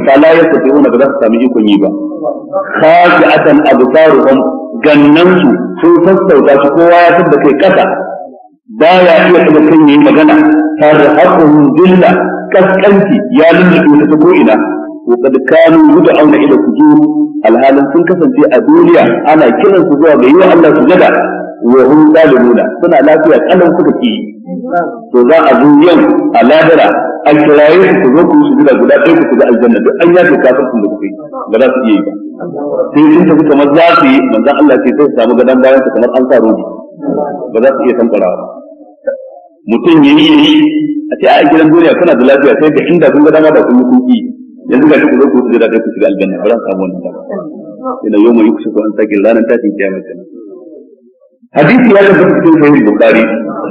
fala yastati'una ba za su sami ikon yi ba atan absaruhum gannan su sun sassauta su kowa ya tabbata kai kasa baya iya kuma kan yi magana har haƙon dilla kaskanci ya lulluɓe ta ko ina wa kad kanu yud'auna ila sujud alhalan sun kasance a duniya ana kiransu su zuwa ga yiwa Allah sujada wa hum zalimuna suna lafiya kalan suka ki to za a zo a ladara a kiraye su ku zo ku sujada guda ɗaya ku shiga aljanna duk an yafe kafircin da kuke ba za su iya yi ba sai sun tafi kamar za su yi manzon Allah ce sai su samu gadan bayan su kamar an sa roji ba za su iya tankarawa ba mutum yayi yayi a ce a gidan duniya kana da lafiya sai ka inda kun ga dama da kun yi kuki yanzu ga ku zo ku jira da ku shiga aljanna ba za ku samu wannan ba ina yau mai yukushu an sake ranar tashin kiyama kenan hadisi ya tabbata cikin sahih bukhari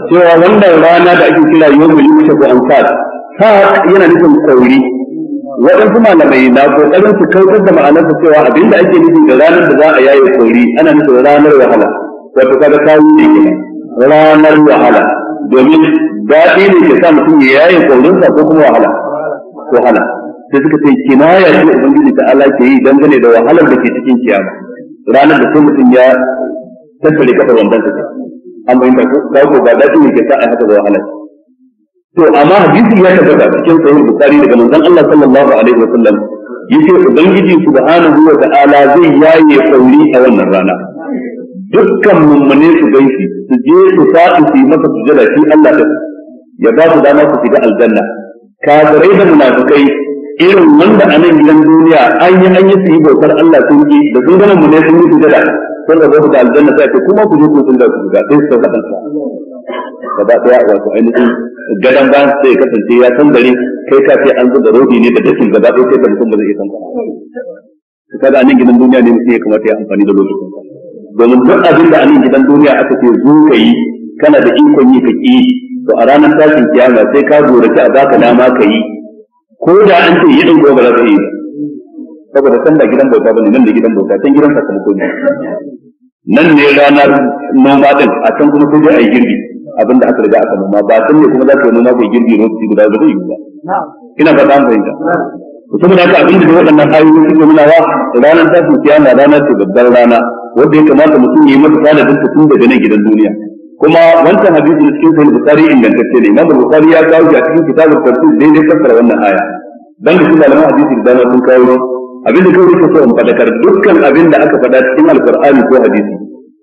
cewa wannan rana da ake kira yau mai yukushu an sake sa yana nufin kauri waɗansu malamai na ƙoƙarin su kautar da ma'anarsa cewa abinda ake nufi da ranar da za a yaye kauri ana nufin ranar wahala wato kaga kawo ne kenan ranar wahala domin daɗi ne ke sa mutum ya yaye kaurinsa ko kuma wahala wahala sai suka ce kinaya ce ubangiji ta ala ke yi dangane da wahalar da ke cikin kiyama ranar da sun mutum ya tattare kafa wandan ta an bayyana ko da ko ba da ne ke sa a haka da wahalar to amma hadisi ya tabbata cikin sahih bukhari daga manzon Allah sallallahu alaihi wa sallam yace ubangiji subhanahu wa ta'ala zai yaye sauri a wannan rana dukkan mummune su gaishi su je su sa'u su yi masa sujada shi Allah din ya ba su dama su shiga aljanna kafirai da munafikai irin wanda a nan gidan duniya an yi an yi su yi bautar Allah sun yi da sun gana mu ne sun yi sujada sun da zai da aljanna sai ce kuma ku je ku sun da su ga sai su faɗa gaba daya wato ainihin gadan bayan sai kasance ya san gari kai ka ce an zuba rodi ne da dakin gaba ɗaya kai ka mutum ba zai iya san ba Kada a nan gidan duniya ne mutum ya kamata ya amfani da lokacin domin duk abin da a nan gidan duniya aka ce zo ka yi kana da ikon yi ka ƙi to a ranar tashin kiyama sai ka ki a baka dama ka yi ko da an ce yi ɗauko ba za ta yi saboda san da gidan bauta bane nan da gidan bauta can gidan sakamako ne nan ne ranar noma din a can kuma sai dai a yi girbi abin da aka riga aka noma ba san ne kuma za ka noma bai girbi lokaci guda ba zai yi ba ina fata da kuma da haka abin da waɗannan ayoyi suke nuna wa ranar tashin kiyama rana ce babbar rana wanda ya kamata mutum ya yi masa tanadin tun daga nan gidan duniya kuma wancan hadisi cikin sahih bukhari ingantacce ne imam bukhari ya kawo shi a cikin kitabul tafsir daidai fassara wannan aya dan da kuma malaman hadisi da sun kawo ne? abinda kai yake so in fadakar dukkan abin da aka faɗa cikin alqur'ani ko hadisi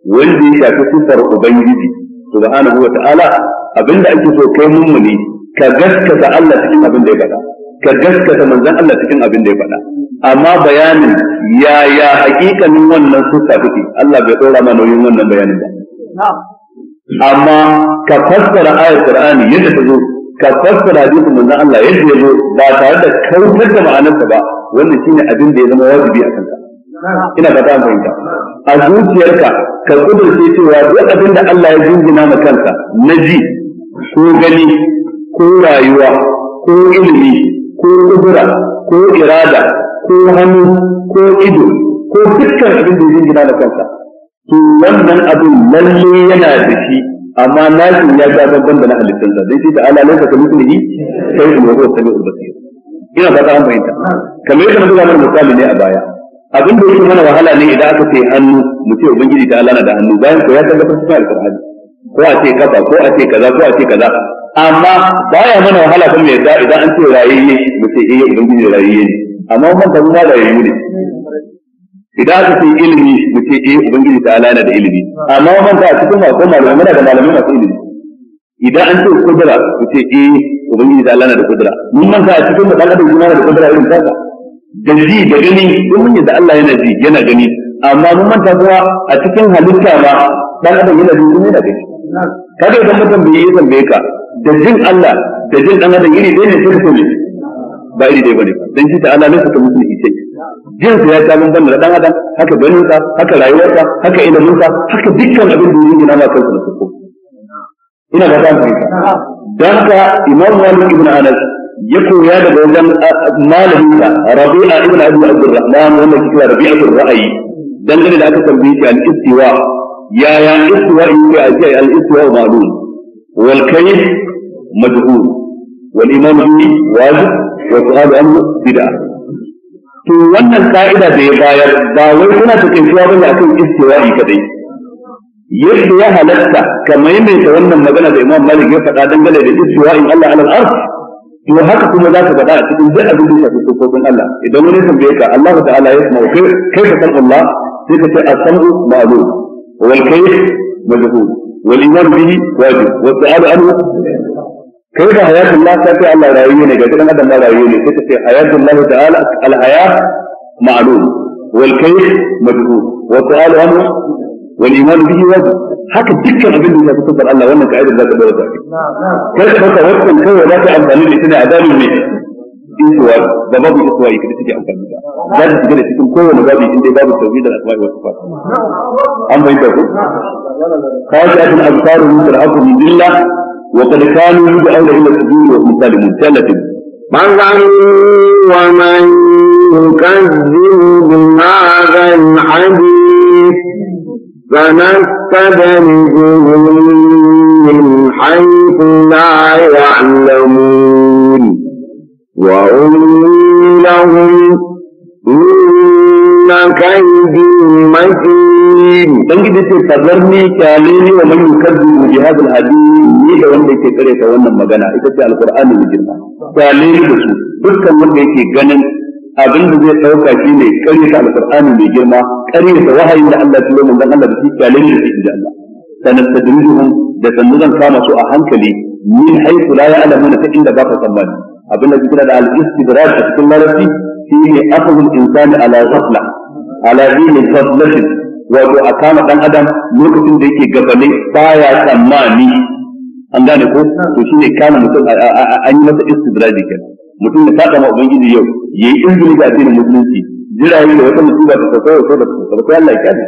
wanda ya shafi sifar ubangiji subhanahu wata'ala abinda ake so kai mummuni ka gaskata Allah cikin abin da ya faɗa ka gaskata manzon Allah cikin abin da ya faɗa amma bayanin ya ya hakikanin wannan sifa take Allah bai dora ma nauyin wannan bayanin ba na'am amma ka fassara ayar Qur'ani yadda ta zo ka fassara hadisin manzon Allah yadda ya zo ba tare da kautar da ma'anarsa ba wannan shine abin da ya zama wajibi a kanka ina fata an fahimta a zuciyarka ka kudurce cewa duk abin da Allah ya jingina ma kansa na ji ko gani ko rayuwa ko ilimi ko kudura ko irada ko hannu ko ido ko dukkan abin da ya jingina ma kansa to wannan abin lalle yana da shi amma na shi ya ga babban da na halittarsa dai shi da ala laisa ka yi sai in sai sami basira ina ta an ta kamar yadda muka mana misali ne a baya abin da yake mana wahala ne idan aka ce hannu mu ce ubangiji ta Allah na da hannu bayan ko ya tabbatar cikin alqur'ani ko a ce kafa ko a ce kaza ko a ce kaza amma baya mana wahala kuma yadda idan an ce rayayye mu ce eh ubangiji rayayye ne amma mun ta mu rayayye ne idan aka ce ilimi mu ce eh ubangiji ta alana da ilimi amma wannan ta cikin ma ko malamai muna da malamai masu ilimi idan an ce kudura mu ce eh ubangiji ta alana da kudura mun man ta cikin mu dan adam yana da kudura irin kasa da ji da gani mun yi da Allah yana ji yana gani amma mun man manta kuma a cikin halitta ba dan adam yana ji kuma yana gani kada idan mutum bai yi tambaye ka da jin Allah da jin dan adam iri ɗaya ne sai ka ba iri ɗaya bane dan shi ta alana ne ka mutum jinsu ya ta mun da dan adam haka ganinsa haka rayuwarsa haka iliminsa haka dukkan abin da yake na ma kansa da kuku ina da ta fahimta dan haka imam malik ibn anas ya koya daga wajen malaminsa rabi'a ibn abi abdurrahman wanda ke kira rabi'atul ra'ayi dangane da aka tambaye shi al-istiwa yaya istiwa yake a ji al-istiwa ma'lum wal kayf majhul wal imam bi wajib wa su'alu anhu bid'ah to wannan ka'ida da ya bayar ba wai suna tafiya bane akan istiwa'i kadai yadda ya halatta ka maimaita wannan magana da Imam Malik ya faɗa dangane da istiwa'in Allah alal arsh to haka kuma za ka faɗa a cikin duk abin da ya shafi sokofin Allah idan wani tambaye ka Allah ta'ala ya sama kai kai ka san Allah sai ka ce as-sam'u ma'lum wal kayf majhul wal iman bihi wajib wa ta'ala anhu كيف حياة الله كيف الله رأيوني قلت لنا هذا ما رأيوني كيف حياة الله تعالى الحياة معلوم والكيف مجهول وسؤال أمر والإيمان به واجب حتى تذكر قبل أن تتصل الله وأنا كعيد الله تعالى نعم نعم كيف تتوقف كيف لا تعلم أن الإنسان عذاب منه إنسوار بباب الإسوائي كده تجي عن كلمة ذات تجري تكون كل مبادي عند باب التوحيد الأسماء والصفات أما إنت أقول خاشعة الأبصار من تلعبهم من الله وقد كانوا يدعون إلى السجود وهم سالمون ثالثا مثل ومن يكذب بهذا الحديث فنستدرجهم من حيث لا يعلمون وأملي لهم إن كيدي متين Dan ubangiji ce tabarni kyale ni wa man yukazzibu bi hadal hadith ni da wanda yake kare ta wannan magana ita ce alqur'ani mai girma kyale ni da su dukkan wanda yake ganin abin da zai dauka shi ne kare ta alqur'ani mai girma kare ta wahayin da Allah ya yi manzon Allah da shi kyale ni da shi da Allah sanastadrijuhum da sannu zan kama su a hankali min haythu la ya'lamuna ta inda ba ka tsammani abin da kira da al-istidraj cikin larabci shine afdhul insani ala ghafla ala dini ghaflatin wato a kama dan adam lokacin da yake gabane baya tsammani an gane ko to shine kana mutum an yi masa istidraji kenan mutum da fada ma ubangiji yau yayi injini ga dinin musulunci jirayi da wata musiba ta sauka ko da ta sai Allah ya kare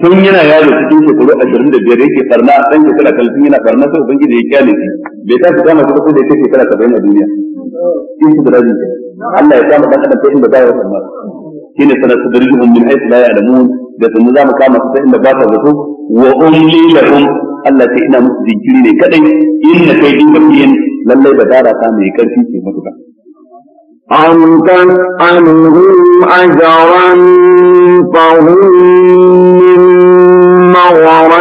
tun yana yaro cikin shekaru 25 da yake farna dan ɗan kula talatin yana farna sai ubangiji ya kyale shi bai ta fita kama shi da yake kala saba'in a duniya in su da rajin Allah ya kama dan adam sai inda ba ya farna shine sanastadrijuhum min haythu la ya'lamun da sannan zamu kama su ta inda ba ta zato wa umli lahum Allah sai ina musu jinkiri ne kadai inna kaidi mafiyin lallai badara ta mai karfi ce matuka أم تسألهم أجرا فهم من مغرم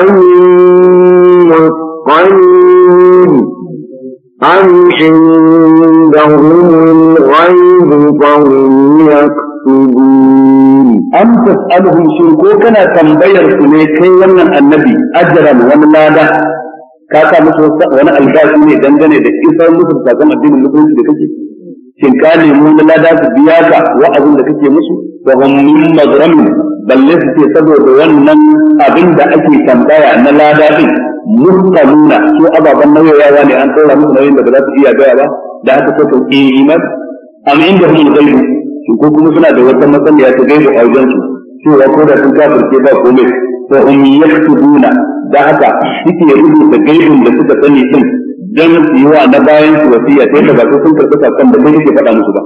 مثقلون أم عندهم الغيب فهم يكفرون يكسبون أم تسألهم شركو كنا تنبير سنيكي ونن النبي أجرا وملادا كاكا مسوسا وانا الباسي ne dangane da isar musu sakon addinin musulunci da kake shin ka nemi na lada su biya ka wa'azin da kake musu da wannan mazramin balle su ce saboda wannan abin da ake tambaya na lada din mustaluna su ababen nauyawa ne an tsora musu nauyin da ba za su iya gaya ba da haka sai ka yi ko kuma suna da wata matsaliya ta gaibu a wajen su cewa ko da sun kafirce ba komai fa um duna da haka suke rubuta gaibun da suka sani din dan yi wa na bayan su wasiya sai da ba su sun karɓi sakon da kai yake faɗa musu ba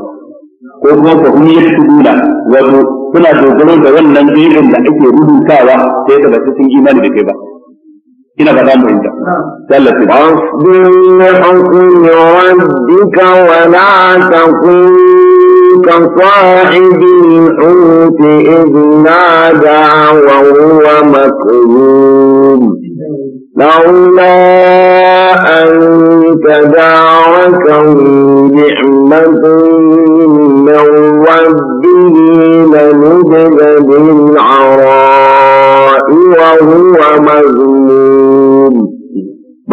ko kuma fa um duna wato suna dogaro da wannan gaibun da ake rubutawa sai da ba su sun imani da kai ba ina ba za mu yi ta. Tallafi. Wasbir li hukmi rabbika wa la takun كصاحب الحوت إذ نادى وهو مكروم لولا أن تداركه نعمة من ربه لنبذ بالنار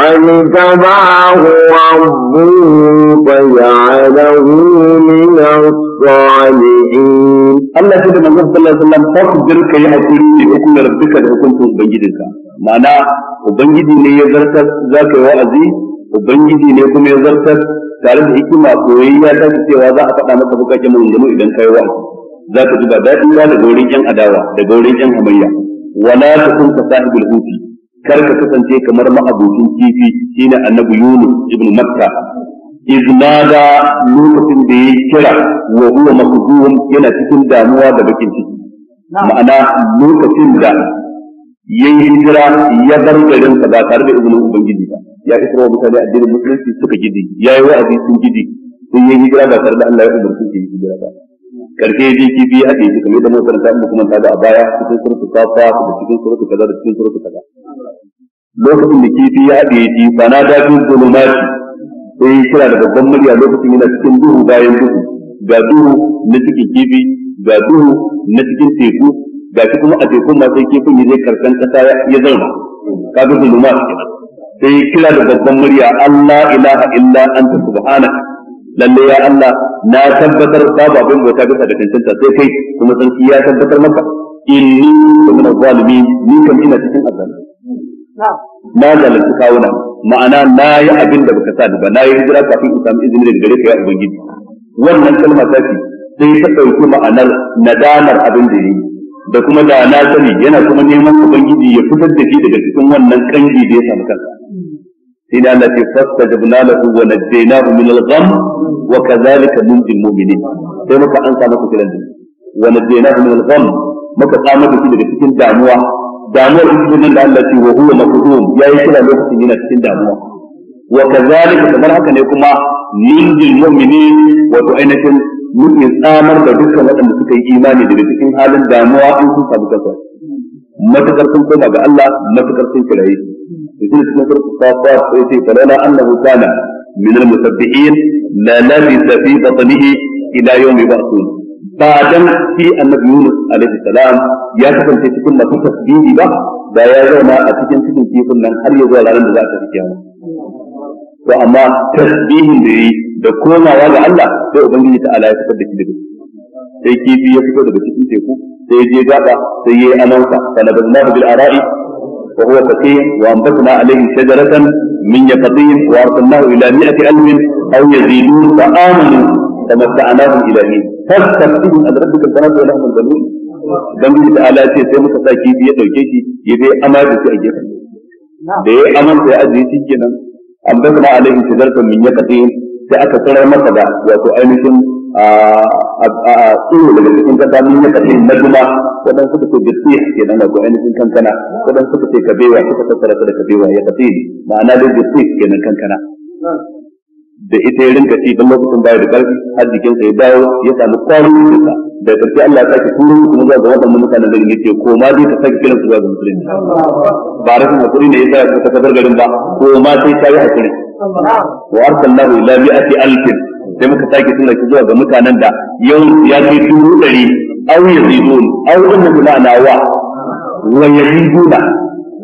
فاجتباه ربه فجعله من الصالحين الله سيدنا النبي صلى الله عليه وسلم فاصبر كي حكم حكم ربك لحكم ubangijinka ma'ana ubangiji ne ya zartar za ka yi wa'azi ubangiji ne kuma ya zartar tare da hikima koyayya ta cewa za a faɗa maka mun maganganu idan ka yi wa'azi za ka duba daɗi ba daga yan adawa da wurin yan hamayya wala ta kun ka sahibul kar ka kasance kamar ma'abokin kifi shine annabi Yunus ibn Makka iznada lokacin da yayi kira wa huwa makdum yana cikin damuwa da bakin ciki ma'ana lokacin da yayi hijira ya bar garin sa ba tare da izinin ubangiji ba ya isra wa mutane addinin musulunci suka gidi yayi wa'azi sun gidi sun yi hijira ba tare da Allah ya umarci su yi hijira ba karfe ya je kifi ya ake shi kamar da mun karanta mu kuma tada a baya cikin suratu safa da cikin surutu kaza da cikin suratu kaza lokacin da kifi ya haɗe shi ba na dafi zulumati sai kira da babban murya lokacin yana cikin duhu bayan duhu ga duhu na cikin kifi ga duhu na cikin teku ga shi kuma a tekun ma sai kifin ya je karkan kasa ya zauna kaga zulumat kenan sai kira da babban murya Allah ilaha illa anta subhanaka lalle ya Allah na tabbatar babu abin bauta bisa da cancanta sai kai kuma sarki ya tabbatar maka inni da min zalimi ni kam ina cikin azzalimi na zalunci kawuna ma'ana na yi abin da baka sani ba na yi hijira kafin in samu izini daga gare ka ya ubangiji wannan kalma ta ce sai ta ɗauki ma'anar nadamar abin da yi da kuma da na sani yana kuma neman ubangiji ya fitar da shi daga cikin wannan kangi da ya samu kansa إن التي فاستجبنا له ونجيناه من الغم وكذلك ننجي المؤمنين كما كان سامك في الجنة ونجيناه muka الغم da shi daga cikin damuwa damuwar ubangijin da Allah ce wa huwa maqdum kira lokacin yana cikin damuwa wa kamar haka ne kuma ninjil mu'minin wato ainihin muke tsamar da dukkan waɗanda suka yi imani daga cikin halin damuwa in sun samu kansu matakar sun koma ga Allah matakar sun kiraye shi ne cikin surku safa sai ce falala annahu kana min al-musabbihin la labisa fi batnihi ila yawmi ba'thun ba dan shi annabi Yunus alaihi salam ya kasance cikin masu tasbihi ba da ya zauna a cikin cikin kifin nan har ya zuwa ranar da za ta fi kiyama to amma tasbihin da yi da komawa ga Allah sai ubangiji ta ala ya fitar da shi daga sai kifi ya fito daga cikin teku sai je gaba sai yayi alauta falabnahu bil ara'i wa huwa saqim wa anbatna alayhi shajaratan min yaqtin wa arsalnahu ila mi'ati alfin aw yazidun fa amanu فمتعناهم الى حين فاستفتهم ان ربك البنات ولهم البنون dan bi da ala ce sai muka sa kifi ya dauke shi ya bai amar da shi a gefen da ya amar sai ajiye shi kenan an bai kuma alaihi shajaratan min yaqtin sai aka tsara masa da wato ainihin a tsoro daga cikin kasa min ya na najma wadan suka ce bitti ke nan wato ainihin kankana wadan suka ce ka kabewa suka fassara ta da ka kabewa ya kashe ma'ana da bitti ke nan kankana da ita ya rinka ci don lokacin bayar da ƙarfi har jikinsa ya dawo ya sami kwarin jikinsa da ƙarfi Allah ya sake turo kuma zuwa ga waɗannan mutanen garin yake ko ma dai ka sake kiran su zuwa ga musulunci ba rashin hakuri ne yasa ka kasar garin ba ko ma sai ka yi hakuri wa arsalnahu ila mi'ati alfin sai muka sake tura shi zuwa ga mutanen da yau ya kai dubu ɗari au ya zidon au inna nawa wa ya zidona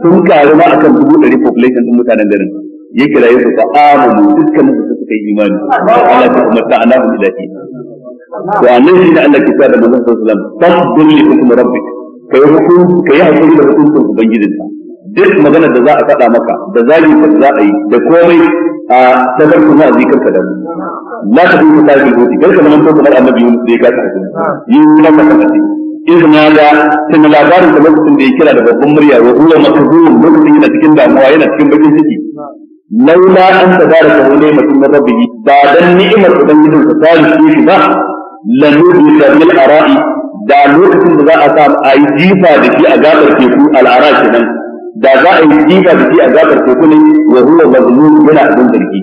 sun karu ma akan dubu ɗari population din mutanen garin ya kira su fa amanu dukkan su suka yi imani Allah ta kuma ta anahu ilahi to annabi shi Allah ke sa da manzon sallallahu alaihi wasallam tasbir li hukum rabbik kai hukum kai hakuri da hukuncin ubangijinka duk maganar da za a faɗa maka da zagi da za a yi da komai a sadar kuma a zikar sadar la ta bi misali ko ti garka zaman to kamar annabi Yunus da ya kasa hakuri yin nan maka kace idan na ga tun labarin da lokacin da ya kira da babban murya wa huwa makzum lokacin yana cikin damuwa yana cikin bakin ciki laula an tabaraka hu ne mutum na rabbi ba dan ni'imar ubangijin sa ta rike ba lanubi sabil ara'i da lokacin da za a sa a yi jifa da shi a gabar teku al'ara kenan da za a yi jifa da shi a gabar teku ne wa huwa mazlum yana abin zargi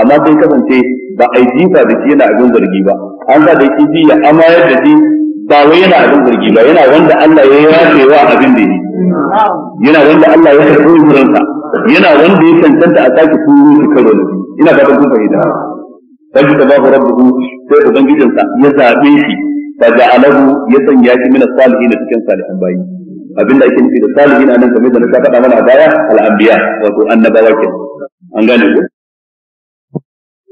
amma sai kasance ba a yi jifa da shi yana abin zargi ba an sa da shi ya amma da shi ba wai yana abin zargi ba yana wanda Allah ya yafe wa abin da yi yana wanda Allah ya karɓi murinsa yana wanda ya cancanta a sake turo shi karo da ina fatan kun fahimta dan da babu rabbuhu sai ubangijinsa ya zabe shi da ja'alahu ya sanya shi min as-salihin cikin salihan bayi Abin da ake nufi da salihin nan kamar da na ka faɗa mana a baya al'anbiya wato annabawa ke an gane ku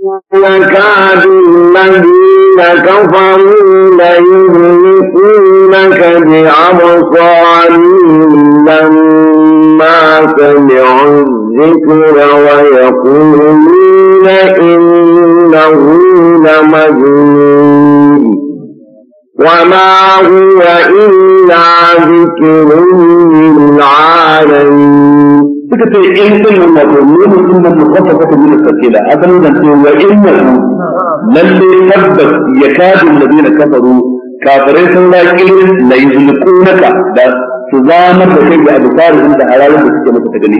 وكاد الذين كفروا ليهلكونك بأبصارهم لما سمعوا الذكر ويقولون إنه لمجنون وما هو إلا ذكر للعالمين suka ce in din nan wato nuna din nan mutafa ta nuna da asalin nan ce wa inna lalle tabbas ya kadu ladina kafaru kafirai sun ba na yi yuzliqunaka da su zama da kai da abusarin da halayen da suke maka ta gani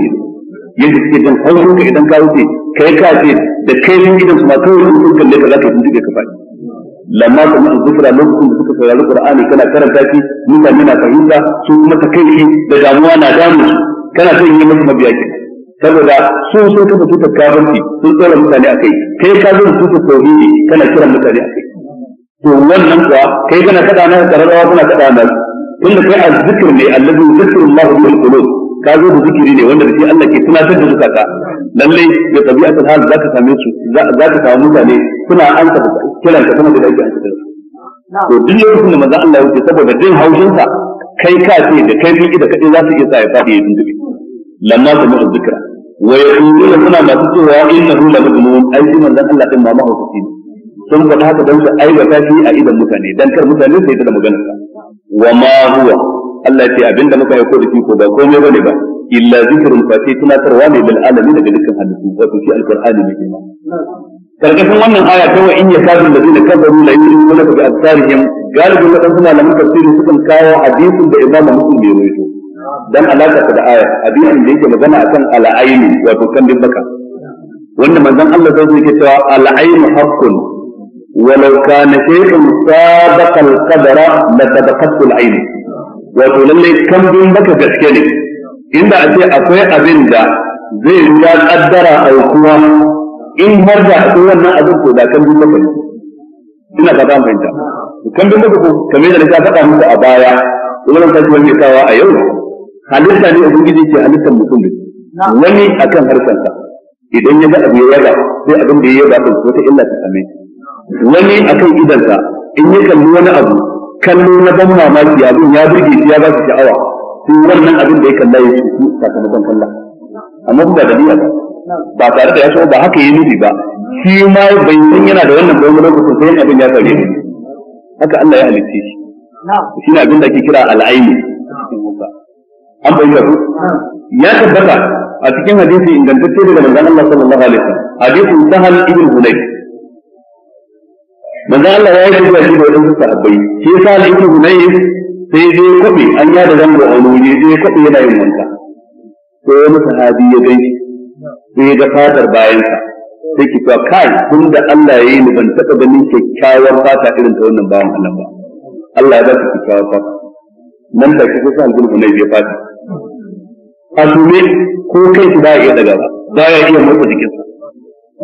yadda suke jin haushinka idan ka wuce kai ka ce da kai sun gidan su ma kawai sun kalle ka za ka yi ka faɗi lamma ka mutu zikira lokacin da suka saurari qur'ani kana karanta shi mutane na fahimta su kuma ta kai shi da damuwa na damu su kana son yi musu mabiya ke saboda su sun kafa tutar kafanci sun tsora mutane a kai kai ka zo tutar tauhidi kana kira mutane a kai to wannan kuwa kai kana kada na kararrawa kana kada na tunda kai azzikr ne allazi yuzkiru Allahu bil qulub ka zo da zikiri ne wanda da shi Allah ke tunatar da zukata Lallai, da tabi'atul hal zaka same su zaka samu mutane suna an ka kiran ka kuma da aiki an ka to duk lokacin da manzo Allah ya wuce saboda jin haushin sa kai ka ce da kai biki da kai za su iya sa ya fadi ya dinga lamma ta mu'az zikra wa yaquluna suna masu cewa innahu la majnun ai shi manzo Allah din ma mahaukaci sun faɗa haka don su aibata shi a idan mutane dan kar mutane su yi da maganar sa wa ma huwa Allah ya ce abinda muka aiko da shi ko ba komai ne ba illa zikrun fa sai tunatarwa ne lil alamin daga dukkan halittu wato shi alqur'ani ne kenan karkashin wannan aya ta wa in ya yasabu alladhina kafaru la ka bi absarihim galibu kadan suna lamun tafsirin sukan kawo hadisin da imam muslim ya rawaito dan alaka da aya hadisin da yake magana akan al'aini wato kan dibbaka wanda manzon Allah sai yake cewa al'ainu haqqun ولو كان شيء سابق القدر لسبقته العين wato lallai kambin baka gaske ne inda a ce akwai abin da zai ruwa kaddara aukuwa in har da akwai wannan abin ko da kambin baka ne ina ka zama fahimta kambin baka ko kamar yadda na faɗa musu a baya kuma zan sake wani kawa a yau halitta ne ubangiji ke halittar mutum wani akan harsanta idan ya ga abu ya yaba sai abin da ya yaba din wata illa ta same wani akan idansa in ya kalli wani abu kallo na ban mamaki abin ya burge shi ya ba shi sha'awa sai wannan abin da ya kalla ya ce sakamakon kalla amma ba da niyya ba tare da ya so ba haka yi nufi ba shi ma bai san yana da wannan bayan lokacin sai abin ya kare ne haka Allah ya halicce shi shi ne abin da ake kira al'aini an bayyana ku ya tabbata a cikin hadisi ingantacce daga manzon Allah sallallahu alaihi wasallam hadisin sahal ibn hunayf manzo Allah ya yi da shi da wadansu sahabbai shi yasa da ibnu hunayf sai je kwabe an ya da zango a wuri je kwabe yana yin wanka sai wani sahabi ya gan sai ya ga fatar bayansa sai ki cewa kai tun da Allah ya yi ni ban taɓa ganin kyakkyawar fata irin ta wannan bawan Allah ba Allah ya ba ki kyakkyawar fata nan da kike sa albulhu ne ya fata a ko kai shi ba ya iya daga ba ba ya iya motsa jikinsa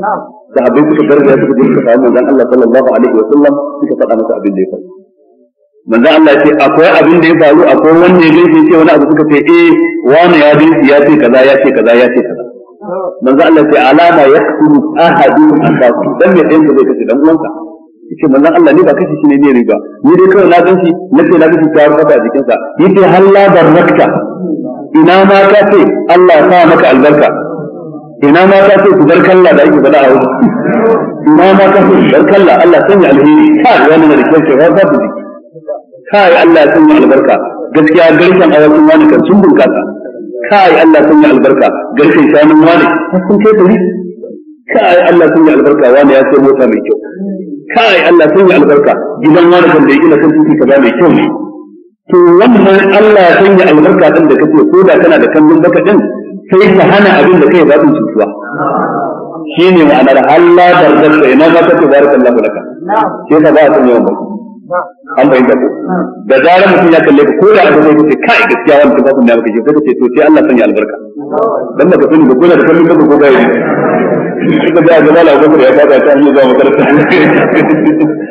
na'am sahabbai suka garzaya suka je suka samu manzon Allah sallallahu alaihi wasallam suka faɗa masa abin da ya faru manzon Allah ya ce akwai abin da ya faru akwai wanda ya gaishe ce wani abu suka ce eh wani ya bi ya ce kaza ya ce kaza ya ce kaza manzon Allah ya ce alama yaqtulu ahadun akaku dan me ɗayan zai kace dan uwanka yace manzon Allah ni ba kace shi ne ne riba ni dai kawai na ganshi na ce na ganshi tawar kafa a jikinsa yace halla barakta ina ma ka ce Allah ya sa maka albarka ina ma ta ce ku bar kalla da ake faɗa a wuri ina ma ta ce ku bar kalla Allah sanya alheri yi wani da kyau cewa ba su jiki yi Allah ya sanya albarka gaskiya garken wasu wani kan sun bunƙasa. bunkasa yi Allah ya sanya albarka garken shanun wani sun kai dari yi Allah sun yi albarka wani ya sai mota mai kyau Ka yi Allah sun yi albarka gidan wani kan da ya gina kan titi kaza mai kyau ne to wannan Allah ya sanya albarka din da kake ko da kana da kallon baka din sai ka hana abin da kai ba su cutuwa shine ma'anar Allah barzaka ina ma kake barakallahu laka sai ka ba su yawan baki an bayyana ko da zarar mutum ya kalle ko da abin da yake kai gaskiya wannan tafafin da muke ji sai kace to sai Allah sanya albarka dan da kafin da ko da kallon baka ko ga yi kaga ka ga Allah ko ya kaga ta hanyar zuwa makaranta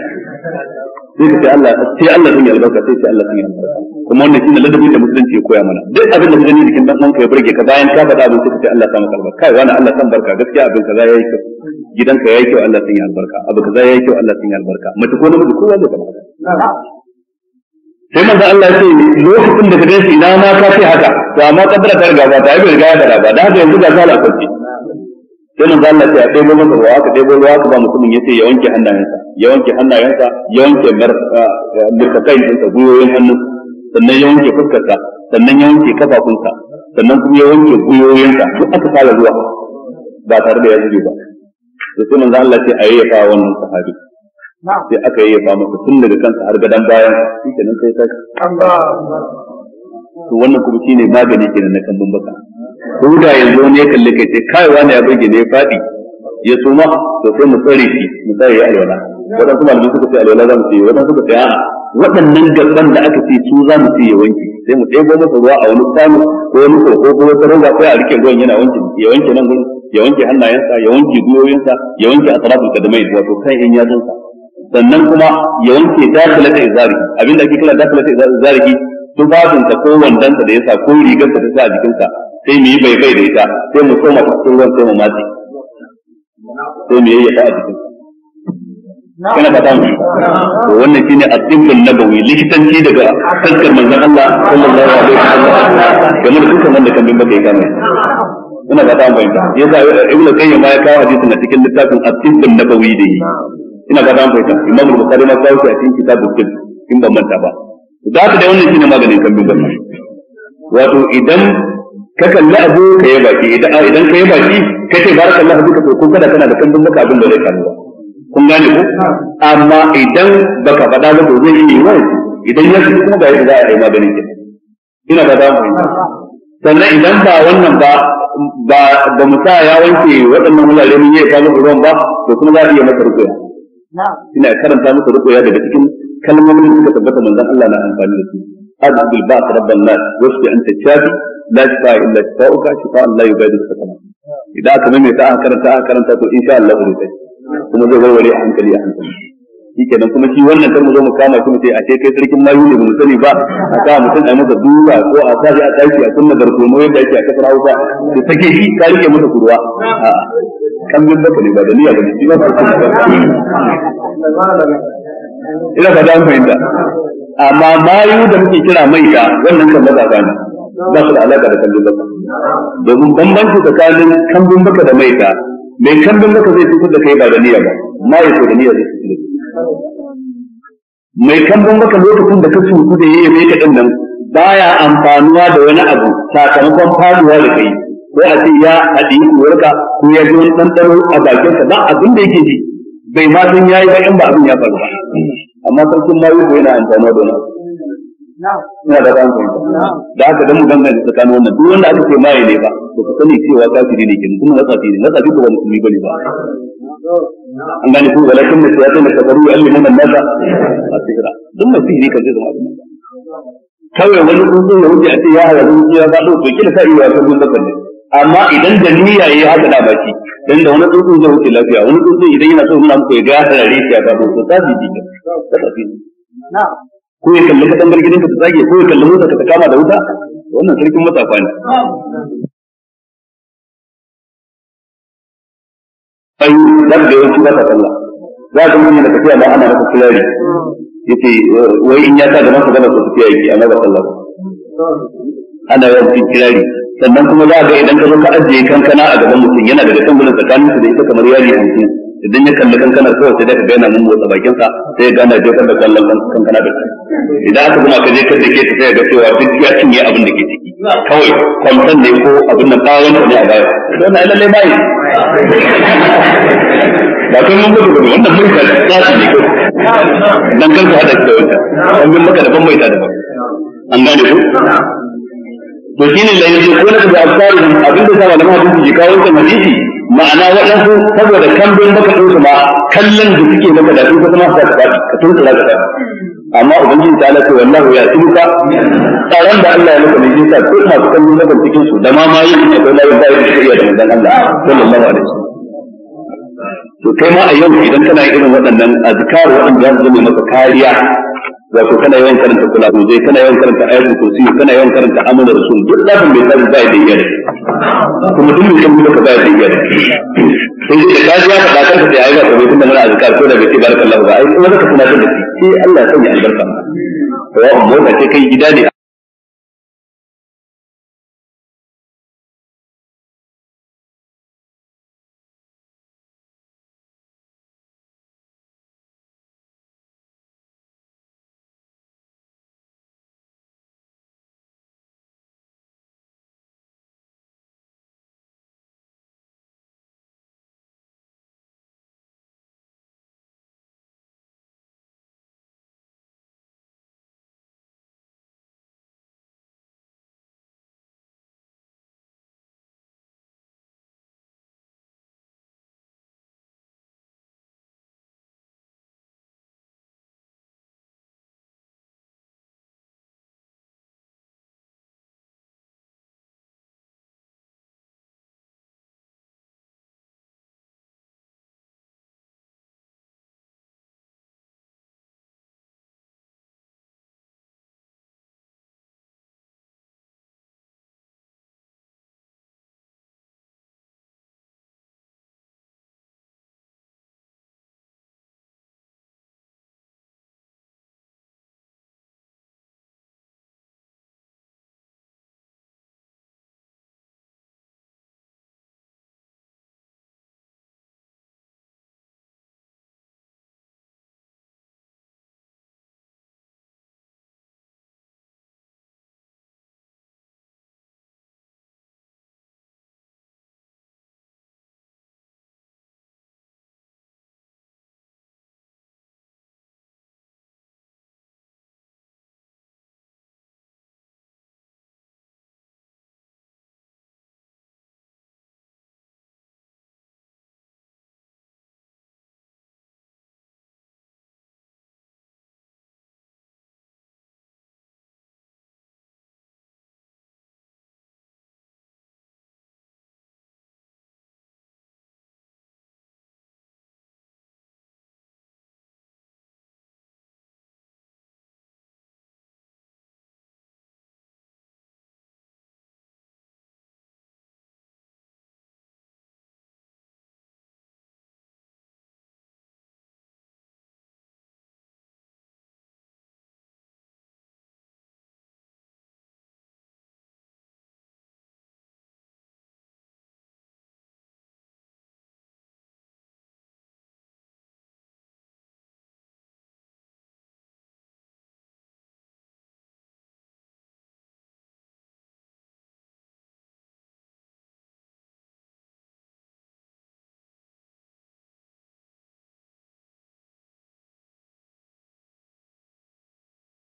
sai ka ce Allah sai Allah sun albarka sai sai Allah sun albarka kuma wannan shine ladabin da musulunci ya koya mana duk abin da gani jikin dan uwanka ya burge ka bayan ka faɗa abin sai ka Allah sa maka albarka kai wani Allah san barka gaskiya abin kaza yayi kyau gidanka yayi kyau Allah sun yi albarka abu kaza yayi kyau Allah sun albarka mace ko namiji kowa zai faɗa sai manzo Allah ya ce lokacin da ka dace ina ma ka ce haka to amma kaddara ta riga ba ta yi riga ta faɗa ba da haka yanzu ga zala kwanci sai manzo Allah ya ɗebo masa ruwa aka ɗebo ruwa ka ba mutumin yace ya wanke hannayensa ya wanke hannayensa ya wanke mirkakai ɗinsa gwiwoyin hannu sannan ya wanke fuskarsa sannan ya wanke kafafunsa sannan kuma ya wanke gwiwoyinsa duk aka fara zuwa ba tare da ya zube ba da sai manzo Allah ya ayyafa wannan sahabi sai aka yayyafa masa tun daga kansa har gadan bayan shi kenan sai ta Allah to wannan kuma shine magani kenan na kan baka ko da yanzu ne ya kalli kai ce kai wani ya bugi ne ya faɗi ya suma to sai mu tsare shi mu tsare ya alwala kuma da suka ce alwala za mu ce waɗansu suka ce a'a wadannan gaban da aka ce su za mu ce ya wanke sai mu ɗebo masa ruwa a wani kwano ko wani koko ko wata ranga ko a rike ruwan yana wanke ya wanke nan gurin ya wanke hannayensa ya wanke guyoyinsa ya wanke asrafin kadamai wato kan yan yatsunsa sannan kuma ya wanke dakalata zari abinda ake kira dakalata izari tubabinsa ko wandonsa da ya sa ko rigarsa ta sa a jikinsa sai mu yi bai bai da ita sai mu soma ta ruwan sai mu matse sai mu yayyada a jikin kana fata mu to wannan shine addinin nabawi likitanci daga fuskar manzon Allah sallallahu alaihi wasallam kamar dukkan wanda kan bin baka yi kana ina fata mu bayyana yasa ibnu qayyim ya kawo hadisin a cikin littafin addinin nabawi da yi ina fata mu bayyana imam bukhari ma kawo shi a cikin kitabul tibb in ban manta ba za ta da wannan shine maganin dukkan zama wato idan ka kalli abu ka yi baki idan ka yi baki ka ce Allah bika to kun kada kana da kan dukkan abin da zai kawo ba kun gane ko amma idan baka faɗa ba to zai yi wani idan ya shi kuma ga yadda za a yi maganin ki ina ba da mu sannan idan ba wannan ba ba ba mu sa ya wanke waɗannan wurare mun yi kawo ruwan ba to kuma za a iya masa rukuya ina karanta masa rukuya daga cikin kalmomin da suka tabbata manzon Allah na amfani da su azbil ba'd rabban nas wasfi anta shafi la shifa illa shifa'uka shifa Allah yubaidu sakana idan aka maimaita aka karanta aka karanta to insha Allah ne sai kuma zai warware a hankali a hankali shike kuma shi wannan kar mu zo mu kama shi mu ce a ce kai sarkin mayu ne mu sani ba a sa mutum a masa duba ko a sa shi a tsaki a kunna garkomo yadda ake a kasar Hausa da sake shi ka rike masa kurwa a'a kan bin baka ne ba da niyya ba ne shi ba ba ina ka an fahimta amma mayu da muke kira mai da wannan kan baka gani ba su da alaka da kallon baka domin bambanci tsakanin kallon baka da mai da, mai kallon baka zai fitar da kai ba da niyya ba mayu ko da niyya zai fitar da mai kallon baka lokacin da ka sunku da yayi mai din nan baya amfanuwa da wani abu sakamakon faruwa da kai ko a ce ya haɗi kuwarka ko ya ji wani ɗanɗano a bakinsa ba abin da yake ji bai ma san yayi ba in ba abin ya faru ba amma sarkin mayu ko yana amfani da wani ina da ran kai da aka dan mu danganta tsakanin wannan duk wanda aka ce maye ne ba to ka sani cewa kafiri ne kin kuma nasafi ne nasafi ko ba musulmi bane ba an gane ko walakin ya sai da kafaru ya alli mun a tsira duk mai ne ka zai zama abin kawai wani tsuntsun ya wuce a ce ya halarci ya ba ko kila sai ya fi gun da amma idan da niyya yayi haka da baki dan da wani tsuntsu zai wuce lafiya wani tsuntsu idan yana so nuna muku ya ga tarare shi ya ga ko ta biji ka tafi ko ya kalli katangar gidan ka ta zage ko ya kalli mota ka ta kama da wuta wannan sarkin matafa ne ayu da da yawanci ba ta kalla za ka mun da tafiya da ana da kirari yace wai in ya ta gaban ka gaba ko tafiya yake amma ba kalla ana yawan kirari sannan kuma za a ga idan ka zo ka ajiye kankana a gaban mutum yana daga kan gudun tsakanin su da ita kamar yari hamsin idan ya kalli kankana kawai sai da ka gana mun motsa bakinsa sai ya gana jefar da kallon kankana da su idan aka zuna ka je ka ke ta sai ga cewa duk ya cinye abin da ke ciki kawai kwamfan ne ko abin da nan bawon ne a baya don na lallai bayi ba kai mun gudu gudu wannan mulka za su ne kawai dan kan ka hada shi da wancan an bin maka daban mai ta daban an gane ku to shine da yake ko na da alƙari abinda sa malama da suke kawo ta hadisi ma'ana waɗansu saboda kambin maka din su ma kallon da suke maka da su kuma su ka ka da ka amma ubangiji ta lafi wallahu ya ka tsaron da Allah ya maka ne yasa ko ta kan nuna da cikin su da ma ma yin ne ko bayan da yake iya da dan Allah sallallahu alaihi wasallam to kai ma a yau idan kana irin waɗannan azkaru waɗanda za zama maka kariya wato kana yawan karanta kulatu zai kana yawan karanta ayatul kursi kana yawan karanta amana rasul duk lafin bai tabi bai da iyar kuma duk mai kamar ka bai da iyar sai da ka ji ka kanka da ayyuka kuma tunda muna azkar ko da bai barakallahu ba ai kuma zaka tunatar da shi sai Allah ya sanya albarka wa mu da kai gida ne